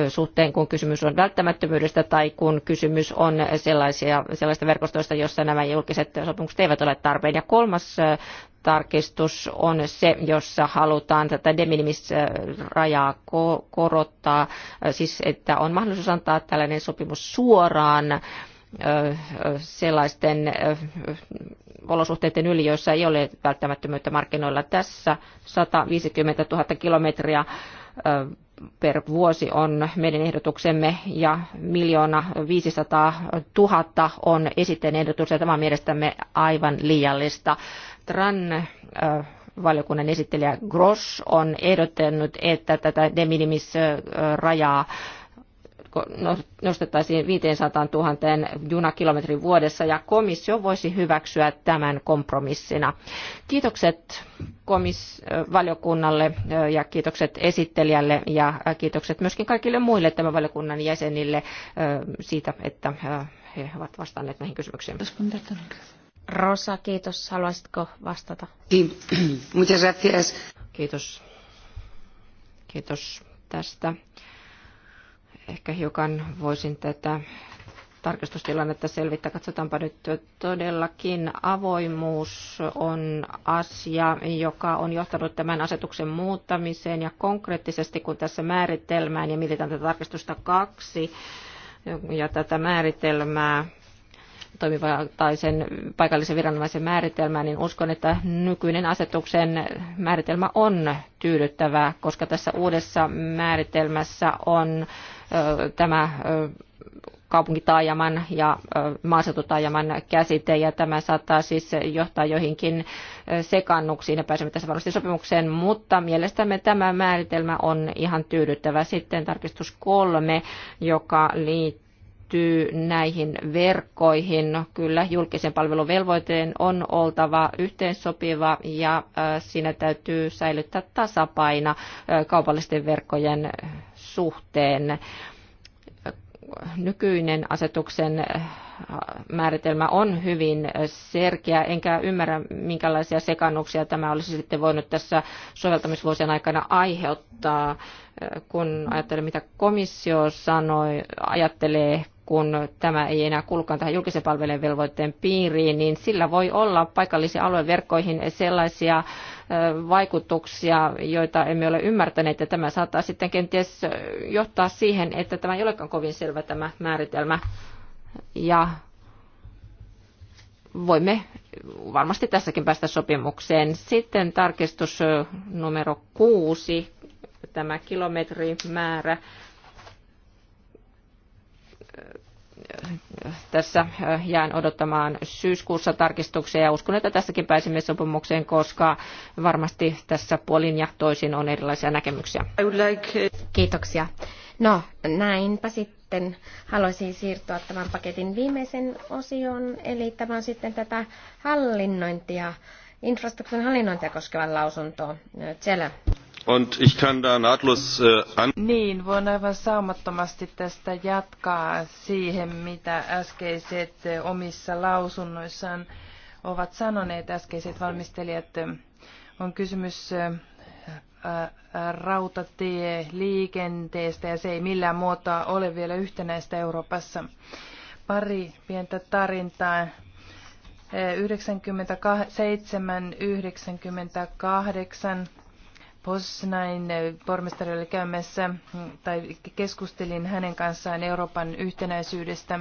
suhteen, kun kysymys on välttämättömyydestä tai kun kysymys on sellaisia, sellaista verkostoista, jossa nämä julkiset sopimukset eivät ole tarpeen. Ja kolmas tarkistus on se, jossa halutaan tätä de minimis-rajaa äh, korottaa, äh, siis että on mahdollisuus antaa tällainen sopimus suoraan äh, sellaisten olosuhteiden yli, joissa ei ole välttämättömyyttä markkinoilla. Tässä 150 000 kilometriä per vuosi on meidän ehdotuksemme ja miljoona 500 000 on esitteen ehdotus ja tämä on mielestämme aivan liiallista Strand, äh, valiokunnan esittelijä Gross on ehdottanut, että tätä de minimis äh, rajaa no-, nostettaisiin 500 000 junakilometrin vuodessa ja komissio voisi hyväksyä tämän kompromissina. Kiitokset komis- äh, valiokunnalle ja kiitokset esittelijälle ja kiitokset myöskin kaikille muille tämän valiokunnan jäsenille siitä, että he ovat vastanneet näihin kysymyksiin. Rosa, kiitos. Haluaisitko vastata? Muchas gracias. Kiitos. Kiitos tästä. Ehkä hiukan voisin tätä tarkastustilannetta selvittää. Katsotaanpa nyt todellakin. Avoimuus on asia, joka on johtanut tämän asetuksen muuttamiseen ja konkreettisesti kun tässä määritelmään ja mietitään tätä tarkistusta kaksi ja tätä määritelmää toimivaltaisen paikallisen viranomaisen määritelmää, niin uskon, että nykyinen asetuksen määritelmä on tyydyttävä, koska tässä uudessa määritelmässä on tämä kaupunkitaajaman ja maaseututaajaman käsite, ja tämä saattaa siis johtaa joihinkin sekannuksiin, ja pääsemme tässä varmasti sopimukseen, mutta mielestämme tämä määritelmä on ihan tyydyttävä. Sitten tarkistus kolme, joka liittyy liittyy näihin verkkoihin. No, kyllä julkisen palvelun velvoitteen on oltava yhteensopiva ja äh, siinä täytyy säilyttää tasapaina äh, kaupallisten verkkojen suhteen. Nykyinen asetuksen äh, määritelmä on hyvin selkeä, enkä ymmärrä minkälaisia sekannuksia tämä olisi sitten voinut tässä soveltamisvuosien aikana aiheuttaa. Kun ajattelee mitä komissio sanoi, ajattelee kun tämä ei enää kulkaan tähän julkisen palvelujen velvoitteen piiriin, niin sillä voi olla paikallisiin alueverkkoihin sellaisia vaikutuksia, joita emme ole ymmärtäneet, ja tämä saattaa sitten kenties johtaa siihen, että tämä ei olekaan kovin selvä tämä määritelmä. Ja voimme varmasti tässäkin päästä sopimukseen. Sitten tarkistus numero kuusi, tämä kilometrimäärä tässä äh, jään odottamaan syyskuussa tarkistuksia ja uskon, että tässäkin pääsimme sopimukseen, koska varmasti tässä puolin ja toisin on erilaisia näkemyksiä. Like... Uh, Kiitoksia. No, näinpä sitten haluaisin siirtyä tämän paketin viimeisen osion, eli tämä on sitten tätä hallinnointia, infrastruktuurin hallinnointia koskevan lausuntoa. Tsele. Äh, Äh, niin, voin aivan saumattomasti tästä jatkaa siihen, mitä äskeiset omissa lausunnoissaan ovat sanoneet äskeiset valmistelijat. Äh, on kysymys äh, rautatieliikenteestä ja se ei millään muotoa ole vielä yhtenäistä Euroopassa. Pari pientä tarintaa. 97-98 Posnain pormestari oli käymässä, tai keskustelin hänen kanssaan Euroopan yhtenäisyydestä.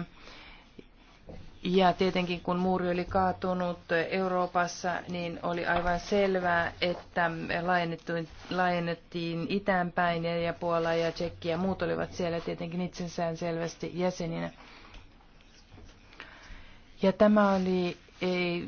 Ja tietenkin kun muuri oli kaatunut Euroopassa, niin oli aivan selvää, että laajennettiin, laajennettiin itäänpäin ja Puola ja Tsekki ja muut olivat siellä tietenkin itsensään selvästi jäseninä. Ja tämä oli ei,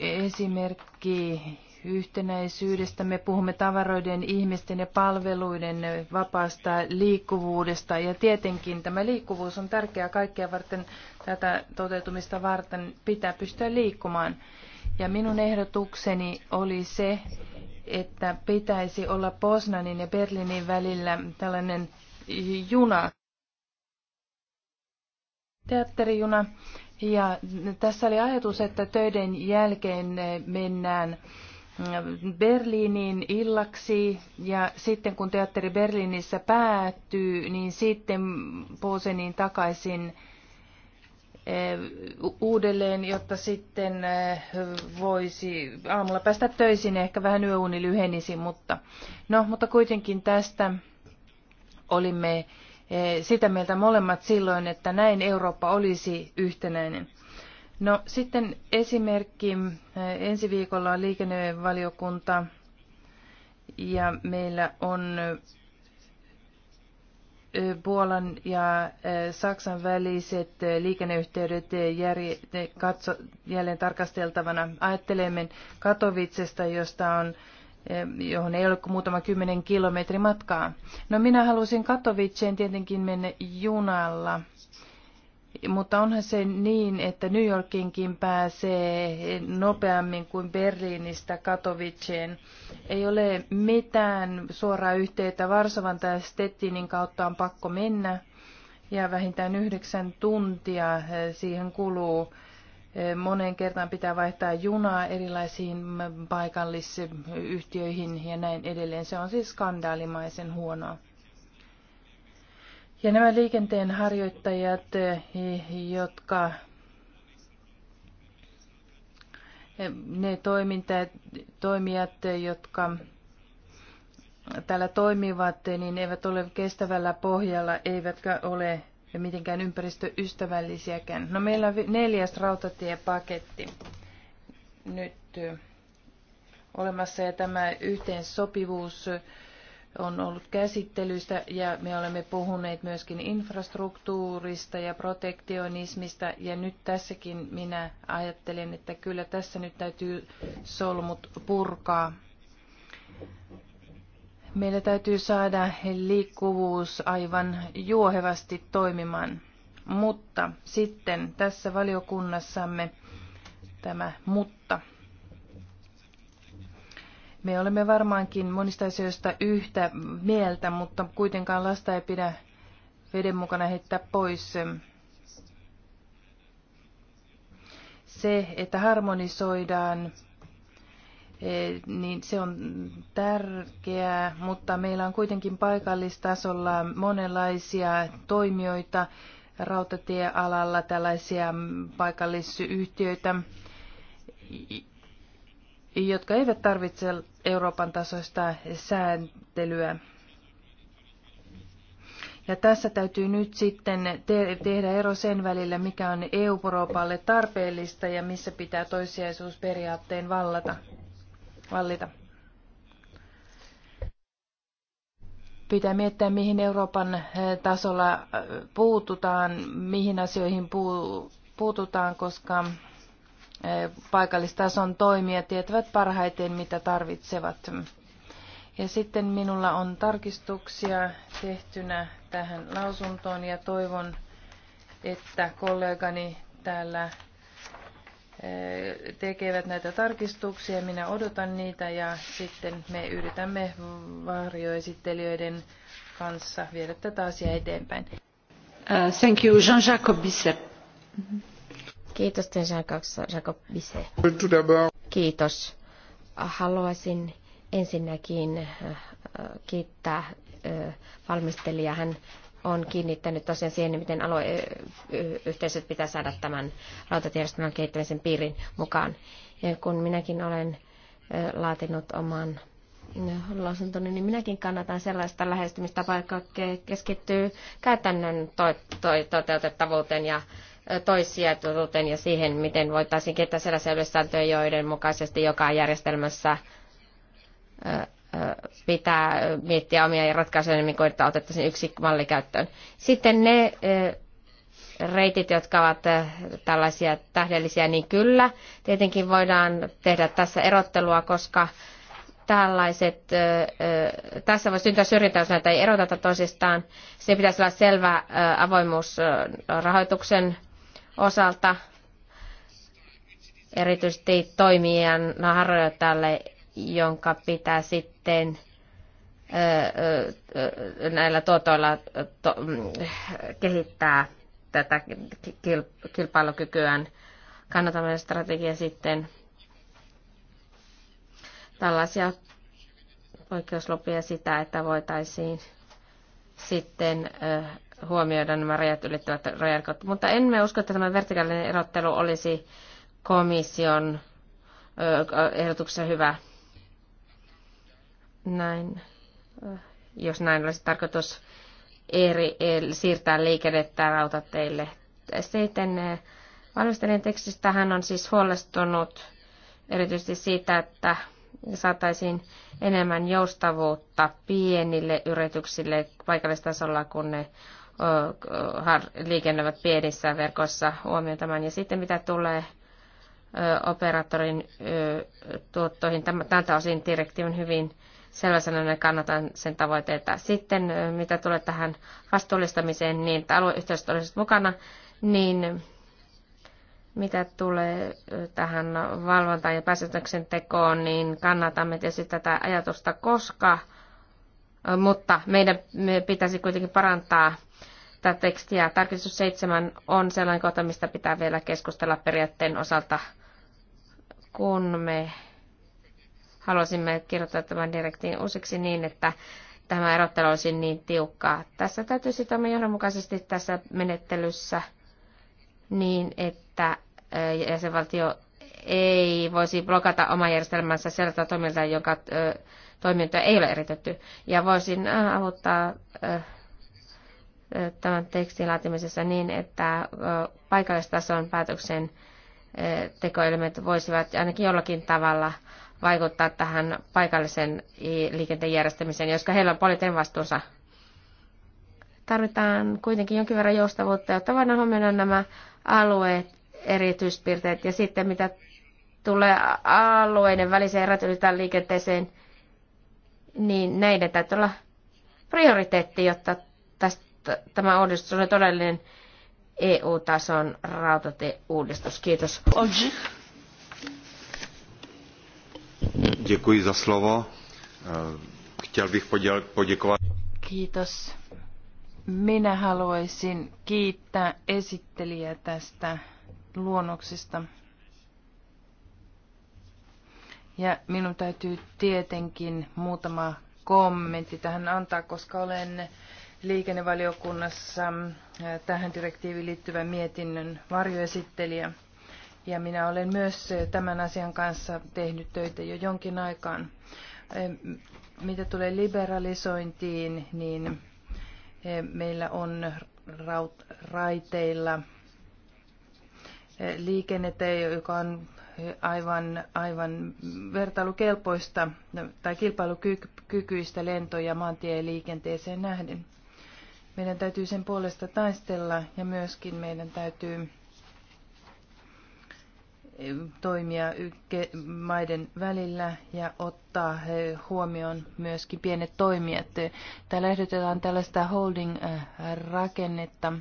esimerkki yhtenäisyydestä. Me puhumme tavaroiden, ihmisten ja palveluiden vapaasta liikkuvuudesta. Ja tietenkin tämä liikkuvuus on tärkeää kaikkea varten, tätä toteutumista varten pitää pystyä liikkumaan. Ja minun ehdotukseni oli se, että pitäisi olla Poznanin ja Berliinin välillä tällainen juna, teatterijuna. Ja tässä oli ajatus, että töiden jälkeen mennään Berliinin illaksi ja sitten kun teatteri Berliinissä päättyy, niin sitten Posenin takaisin eh, uudelleen, jotta sitten eh, voisi aamulla päästä töisin, ehkä vähän yöuni lyhenisi, mutta no, mutta kuitenkin tästä olimme eh, sitä mieltä molemmat silloin, että näin Eurooppa olisi yhtenäinen. No sitten esimerkki. Ensi viikolla on liikennevaliokunta ja meillä on Puolan ja Saksan väliset liikenneyhteydet jälleen tarkasteltavana. Ajattelemme Katovitsesta, josta on johon ei ole kuin muutama kymmenen kilometri matkaa. No minä halusin Katovitseen tietenkin mennä junalla. Mutta onhan se niin, että New Yorkinkin pääsee nopeammin kuin Berliinistä Katowiceen. Ei ole mitään suoraa yhteyttä Varsovan tai Stettinin kautta on pakko mennä. Ja vähintään yhdeksän tuntia eh, siihen kuluu. Eh, moneen kertaan pitää vaihtaa junaa erilaisiin mm, paikallisyhtiöihin ja näin edelleen. Se on siis skandaalimaisen huonoa. Ja nämä liikenteen harjoittajat, jotka ne toiminta, toimijat, jotka täällä toimivat, niin eivät ole kestävällä pohjalla, eivätkä ole mitenkään ympäristöystävällisiäkään. No meillä on neljäs rautatiepaketti nyt olemassa ja tämä yhteensopivuus sopivuus on ollut käsittelystä ja me olemme puhuneet myöskin infrastruktuurista ja protektionismista ja nyt tässäkin minä ajattelen, että kyllä tässä nyt täytyy solmut purkaa. Meillä täytyy saada liikkuvuus aivan juohevasti toimimaan, mutta sitten tässä valiokunnassamme tämä mutta me olemme varmaankin monista asioista yhtä mieltä, mutta kuitenkaan lasta ei pidä veden mukana heittää pois. Se, että harmonisoidaan, eh, niin se on tärkeää, mutta meillä on kuitenkin paikallistasolla monenlaisia toimijoita rautatiealalla, tällaisia paikallisyhtiöitä, jotka eivät tarvitse Euroopan tasoista sääntelyä. Ja tässä täytyy nyt sitten te- tehdä ero sen välillä, mikä on EU-Euroopalle tarpeellista ja missä pitää toissijaisuusperiaatteen vallata, vallita. Pitää miettiä, mihin Euroopan eh, tasolla eh, puututaan, mihin asioihin puu- puututaan, koska paikallistason toimijat tietävät parhaiten, mitä tarvitsevat. Ja sitten minulla on tarkistuksia tehtynä tähän lausuntoon ja toivon, että kollegani täällä tekevät näitä tarkistuksia. Minä odotan niitä ja sitten me yritämme varjoesittelijöiden kanssa viedä tätä asiaa eteenpäin. Uh, thank you, Jean-Jacques Bisset. Mm-hmm. Kiitos Jacob Bisse. Kiitos. Haluaisin ensinnäkin äh, äh, kiittää äh, valmistelijaa. Hän on kiinnittänyt tosiaan siihen, miten alueyhteisöt pitää saada tämän rautatiedostelman kehittämisen piirin mukaan. Ja kun minäkin olen laatinut oman mm, lausuntoni, niin minäkin kannatan sellaista lähestymistapaa, joka keskittyy käytännön to- to- toteutettavuuteen ja toissijaisuuteen ja siihen, miten voitaisiin kehittää sellaisia yleissääntöjä, joiden mukaisesti joka järjestelmässä pitää miettiä omia ratkaisuja, niin kuin että otettaisiin yksi malli käyttöön. Sitten ne reitit, jotka ovat tällaisia tähdellisiä, niin kyllä, tietenkin voidaan tehdä tässä erottelua, koska tällaiset, tässä voi syntyä syrjintä, jos näitä ei eroteta toisistaan. Se pitäisi olla selvä avoimuus rahoituksen osalta, erityisesti toimijan harjoittajalle, jonka pitää sitten näillä tuotoilla mm, kehittää tätä kilpailukykyään. Kannatamme strategia sitten tällaisia oikeuslupia sitä, että voitaisiin sitten huomioida nämä rajat ylittävät rajat. Mutta en me usko, että tämä vertikaalinen erottelu olisi komission ehdotuksessa hyvä. Näin. Jos näin olisi tarkoitus eri, e, siirtää liikennettä rautateille. Sitten valmistelijan tekstistä hän on siis huolestunut erityisesti siitä, että saataisiin enemmän joustavuutta pienille yrityksille paikallistasolla, kun ne liikennevät pienissä verkossa huomioon tämän. Ja sitten mitä tulee operaattorin tuottoihin, tältä osin direktiivin hyvin selväsanainen kannatan sen tavoitteita. Sitten mitä tulee tähän vastuullistamiseen, niin että olisivat mukana, niin mitä tulee tähän valvontaan ja päätöksentekoon, niin kannatamme tietysti tätä ajatusta, koska mutta meidän me pitäisi kuitenkin parantaa tätä tekstiä. Tarkistus 7 on sellainen kohta, mistä pitää vielä keskustella periaatteen osalta, kun me haluaisimme kirjoittaa tämän direktiin uusiksi niin, että tämä erottelu olisi niin tiukkaa. Tässä täytyisi toimia johdonmukaisesti tässä menettelyssä niin, että jäsenvaltio ei voisi blokata oma järjestelmänsä sieltä toimilta, jonka toimintoja ei ole eritetty. Ja voisin äh, avuttaa äh, äh, tämän tekstin laatimisessa niin, että paikallistason päätöksen tekoelimet voisivat ainakin jollakin tavalla vaikuttaa tähän paikallisen liikenteen järjestämiseen, koska heillä on poliittinen vastuunsa. Tarvitaan kuitenkin jonkin verran joustavuutta, jotta voidaan huomioida nämä alueet, erityispiirteet ja sitten mitä tulee alueiden väliseen ratayhtään liikenteeseen – niin näiden täytyy olla prioriteetti, jotta tästä, tämä uudistus on todellinen EU-tason rautatieuudistus. Kiitos. Děkuji za slovo. Eh, chtěl bych poděkovat. Kiitos. Minä haluaisin kiittää esittelijää tästä luonnoksesta. Ja minun täytyy tietenkin muutama kommentti tähän antaa, koska olen liikennevaliokunnassa tähän direktiiviin liittyvän mietinnön varjoesittelijä. Ja minä olen myös tämän asian kanssa tehnyt töitä jo jonkin aikaan. Mitä tulee liberalisointiin, niin meillä on raiteilla liikennettä, joka on aivan, aivan vertailukelpoista tai kilpailukykyistä lentoja maantieliikenteeseen nähden. Meidän täytyy sen puolesta taistella ja myöskin meidän täytyy toimia maiden välillä ja ottaa eh, huomioon myöskin pienet toimijat. Täällä ehdotetaan tällaista holding-rakennetta, eh,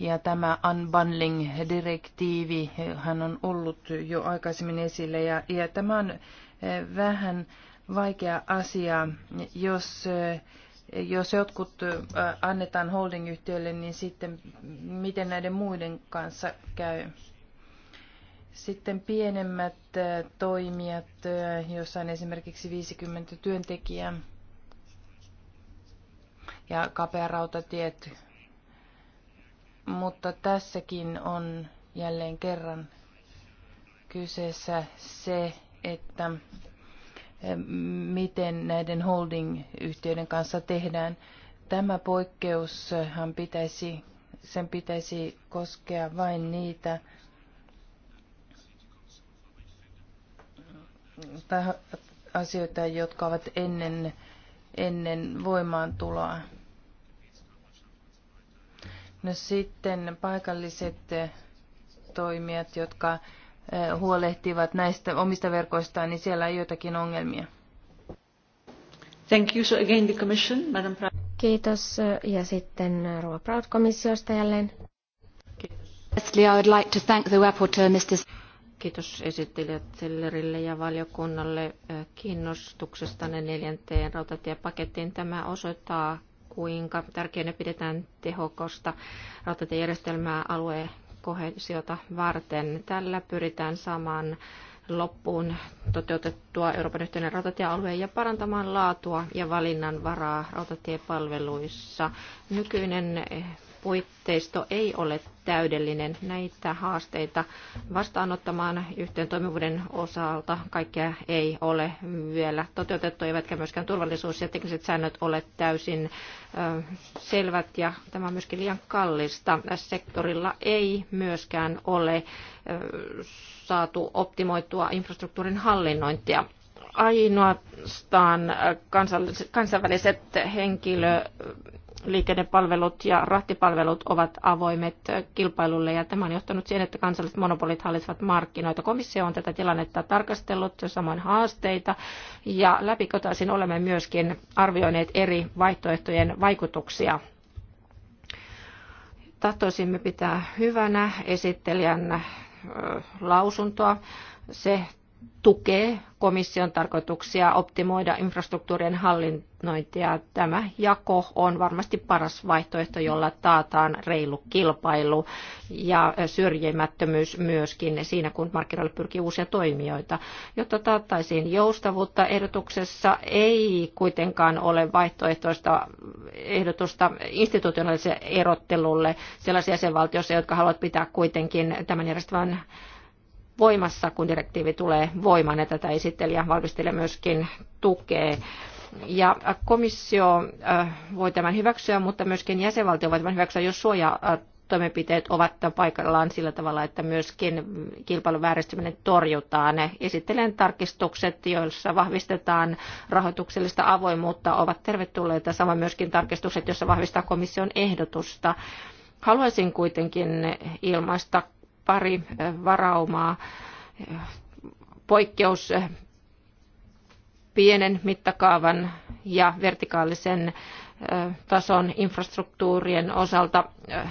ja tämä unbundling-direktiivi hän on ollut jo aikaisemmin esille ja, ja tämä on eh, vähän vaikea asia, jos eh, jos jotkut eh, annetaan holdingyhtiölle, niin sitten miten näiden muiden kanssa käy? Sitten pienemmät toimijat, joissa on esimerkiksi 50 työntekijää ja kapea rautatiet mutta tässäkin on jälleen kerran kyseessä se, että eh, miten näiden holding-yhtiöiden kanssa tehdään. Tämä poikkeushan pitäisi, sen pitäisi koskea vain niitä asioita, jotka ovat ennen, ennen voimaantuloa. No sitten paikalliset eh, toimijat, jotka eh, huolehtivat näistä omista verkoistaan, niin siellä on joitakin ongelmia. Thank you. So again the commission, Madam Kiitos. Eh, ja sitten Rova Proud-komissiosta jälleen. Kiitos. I would like to thank the rapporteur, Mr. Kiitos esittelijät Sellerille ja valiokunnalle kiinnostuksestanne neljänteen rautatiepakettiin. Tämä osoittaa kuinka tärkeänä pidetään tehokosta rautatiejärjestelmää alueen kohesiota varten. Tällä pyritään saamaan loppuun toteutettua Euroopan yhteinen rautatiealue ja parantamaan laatua ja valinnanvaraa rautatiepalveluissa. Nykyinen puitteisto ei ole täydellinen näitä haasteita vastaanottamaan yhteen toimivuuden osalta. Kaikkea ei ole vielä toteutettu, eivätkä myöskään turvallisuus ja tekniset säännöt ole täysin selvät ja tämä on myöskin liian kallista. Sektorilla ei myöskään ole saatu optimoitua infrastruktuurin hallinnointia ainoastaan kansalliset, kansainväliset henkilö liikennepalvelut ja rahtipalvelut ovat avoimet kilpailulle ja tämä on johtanut siihen, että kansalliset monopolit hallitsevat markkinoita. Komissio on tätä tilannetta tarkastellut, samoin haasteita ja läpikotaisin olemme myöskin arvioineet eri vaihtoehtojen vaikutuksia tahtoisimme pitää hyvänä esittelijän lausuntoa. Se tukee komission tarkoituksia optimoida infrastruktuurien hallinnointia. Tämä jako on varmasti paras vaihtoehto, jolla taataan reilu kilpailu ja syrjimättömyys myöskin siinä, kun markkinoille pyrkii uusia toimijoita. Jotta taattaisiin joustavuutta, ehdotuksessa ei kuitenkaan ole vaihtoehtoista ehdotusta institutionaaliselle erottelulle sellaisia jäsenvaltioissa, jotka haluavat pitää kuitenkin tämän järjestelmän voimassa, kun direktiivi tulee voimaan, ja tätä esittelijä valmistelija myöskin tukee. Ja komissio äh, voi tämän hyväksyä, mutta myöskin jäsenvaltio voi tämän hyväksyä, jos suoja toimenpiteet ovat paikallaan sillä tavalla, että myöskin kilpailun vääristyminen torjutaan. Esittelen tarkistukset, joissa vahvistetaan rahoituksellista avoimuutta, ovat tervetulleita. Samoin myöskin tarkistukset, joissa vahvistaa komission ehdotusta. Haluaisin kuitenkin ilmaista pari eh, varaumaa, eh, poikkeus eh, pienen mittakaavan ja vertikaalisen tason infrastruktuurien osalta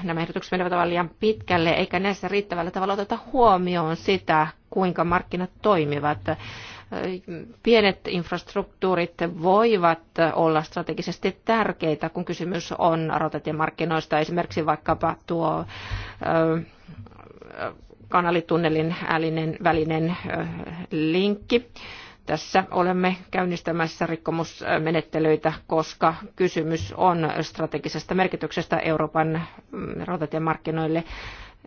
nämä ehdotukset menevät aivan liian pitkälle, eikä näissä riittävällä tavalla oteta huomioon sitä, kuinka markkinat toimivat. Pienet infrastruktuurit voivat olla strategisesti tärkeitä, kun kysymys on rautatiemarkkinoista, esimerkiksi vaikkapa tuo kanalitunnelin älinen välinen linkki. Tässä olemme käynnistämässä rikkomusmenettelyitä, koska kysymys on strategisesta merkityksestä Euroopan mm, rautatiemarkkinoille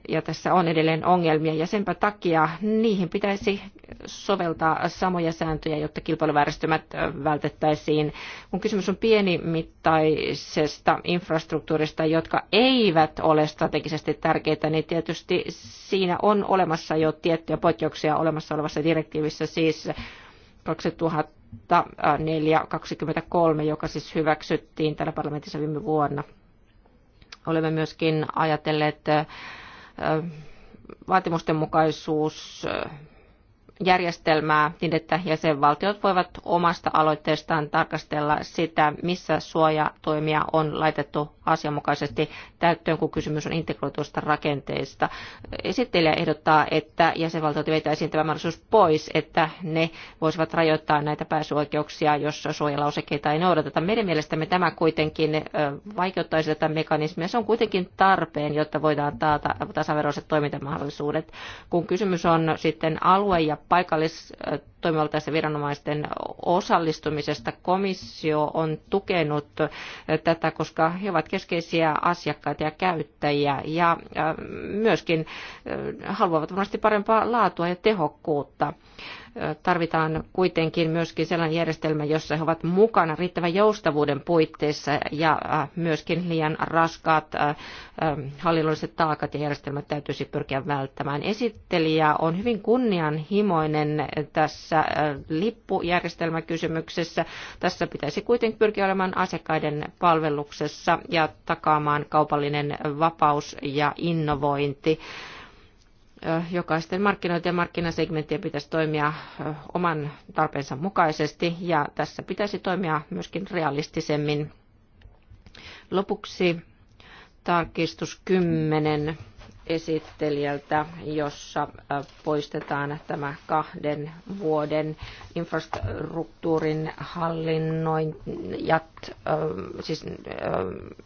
ja tässä on edelleen ongelmia ja senpä takia niihin pitäisi soveltaa samoja sääntöjä, jotta kilpailuvääristymät vältettäisiin. Kun kysymys on pienimittaisesta infrastruktuurista, jotka eivät ole strategisesti tärkeitä, niin tietysti siinä on olemassa jo tiettyjä poikkeuksia olemassa olevassa direktiivissä, siis 2004-23, joka siis hyväksyttiin täällä parlamentissa viime vuonna. Olemme myöskin ajatelleet vaatimustenmukaisuus järjestelmää niin, että jäsenvaltiot voivat omasta aloitteestaan tarkastella sitä, missä suojatoimia on laitettu asianmukaisesti täyttöön, kun kysymys on integroituista rakenteista. Esittelijä ehdottaa, että jäsenvaltiot vetäisiin tämä mahdollisuus pois, että ne voisivat rajoittaa näitä pääsyoikeuksia, jos suojalausekkeita ei noudateta. Meidän mielestämme tämä kuitenkin vaikeuttaisi tätä mekanismia. Se on kuitenkin tarpeen, jotta voidaan taata tasaveroiset toimintamahdollisuudet. Kun kysymys on sitten alue- ja paikallis toimivaltaisten viranomaisten osallistumisesta. Komissio on tukenut tätä, koska he ovat keskeisiä asiakkaita ja käyttäjiä ja äh, myöskin äh, haluavat varmasti parempaa laatua ja tehokkuutta tarvitaan kuitenkin myöskin sellainen järjestelmä, jossa he ovat mukana riittävän joustavuuden puitteissa ja äh, myöskin liian raskaat äh, ähm, hallinnolliset taakat ja järjestelmät täytyisi pyrkiä välttämään. Esittelijä on hyvin kunnianhimoinen tässä äh, lippujärjestelmäkysymyksessä. Tässä pitäisi kuitenkin pyrkiä olemaan asiakkaiden palveluksessa ja takaamaan kaupallinen vapaus ja innovointi jokaisten markkinoiden ja markkinasegmenttien pitäisi toimia oman tarpeensa mukaisesti ja tässä pitäisi toimia myöskin realistisemmin. Lopuksi tarkistus 10 esittelijältä, jossa äh, poistetaan tämä kahden vuoden infrastruktuurin hallinnoijat, äh, siis, äh,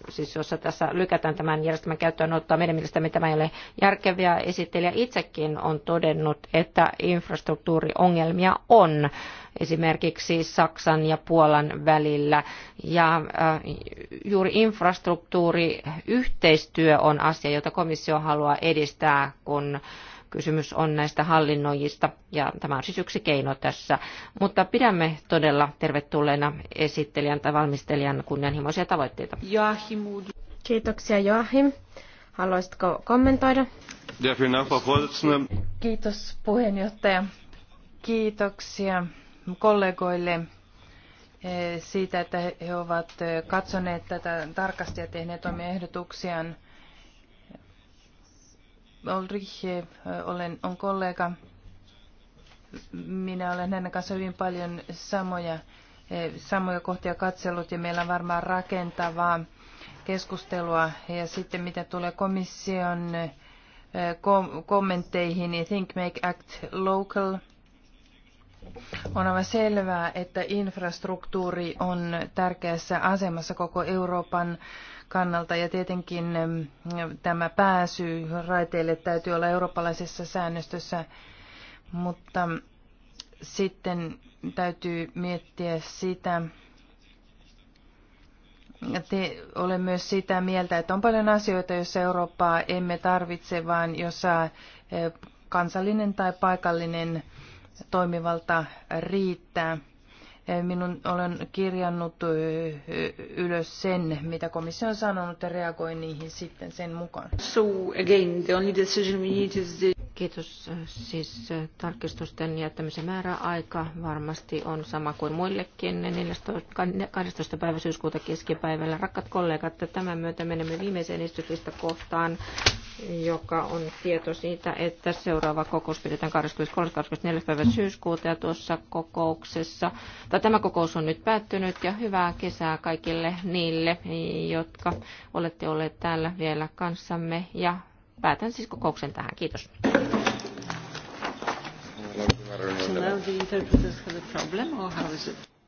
siis jossa tässä lykätään tämän järjestelmän ottaa, Meidän mielestämme tämä ei ole järkeviä. Esittelijä itsekin on todennut, että infrastruktuuriongelmia on esimerkiksi Saksan ja Puolan välillä. Ja juuri infrastruktuuriyhteistyö on asia, jota komissio haluaa haluaa edistää, kun kysymys on näistä hallinnoijista, ja tämä on siis yksi keino tässä. Mutta pidämme todella tervetulleena esittelijän tai valmistelijan kunnianhimoisia tavoitteita. Joachim. Kiitoksia Joachim. Haluaisitko kommentoida? Kiitos puheenjohtaja. Kiitoksia kollegoille eh, siitä, että he ovat eh, katsoneet tätä tarkasti ja tehneet omia ehdotuksiaan. Ulrike eh, olen, on kollega. Minä olen hänen kanssa hyvin paljon samoja, eh, samoja kohtia katsellut ja meillä on varmaan rakentavaa keskustelua. Ja sitten mitä tulee komission eh, kommentteihin, niin Think Make Act Local on aivan selvää, että infrastruktuuri on tärkeässä asemassa koko Euroopan kannalta. Ja tietenkin ähm, tämä pääsy raiteille täytyy olla eurooppalaisessa säännöstössä, mutta sitten täytyy miettiä sitä, te olen myös sitä mieltä, että on paljon asioita, joissa Eurooppaa emme tarvitse, vaan jossa äh, kansallinen tai paikallinen toimivalta riittää. Minun olen kirjannut ylös sen, mitä komissio on sanonut ja reagoin niihin sitten sen mukaan. So again, the only decision we need is the... Kiitos äh, siis äh, tarkistusten jättämisen määräaika varmasti on sama kuin muillekin 12. päivä syyskuuta keskipäivällä. Rakkat kollegat, tämän myötä menemme viimeiseen istutista kohtaan, joka on tieto siitä, että seuraava kokous pidetään 23. 24. päivä syyskuuta ja tuossa kokouksessa, tai tämä kokous on nyt päättynyt ja hyvää kesää kaikille niille, jotka olette olleet täällä vielä kanssamme ja päätän siis kokouksen tähän. Kiitos. the interpreters have a problem or how is it?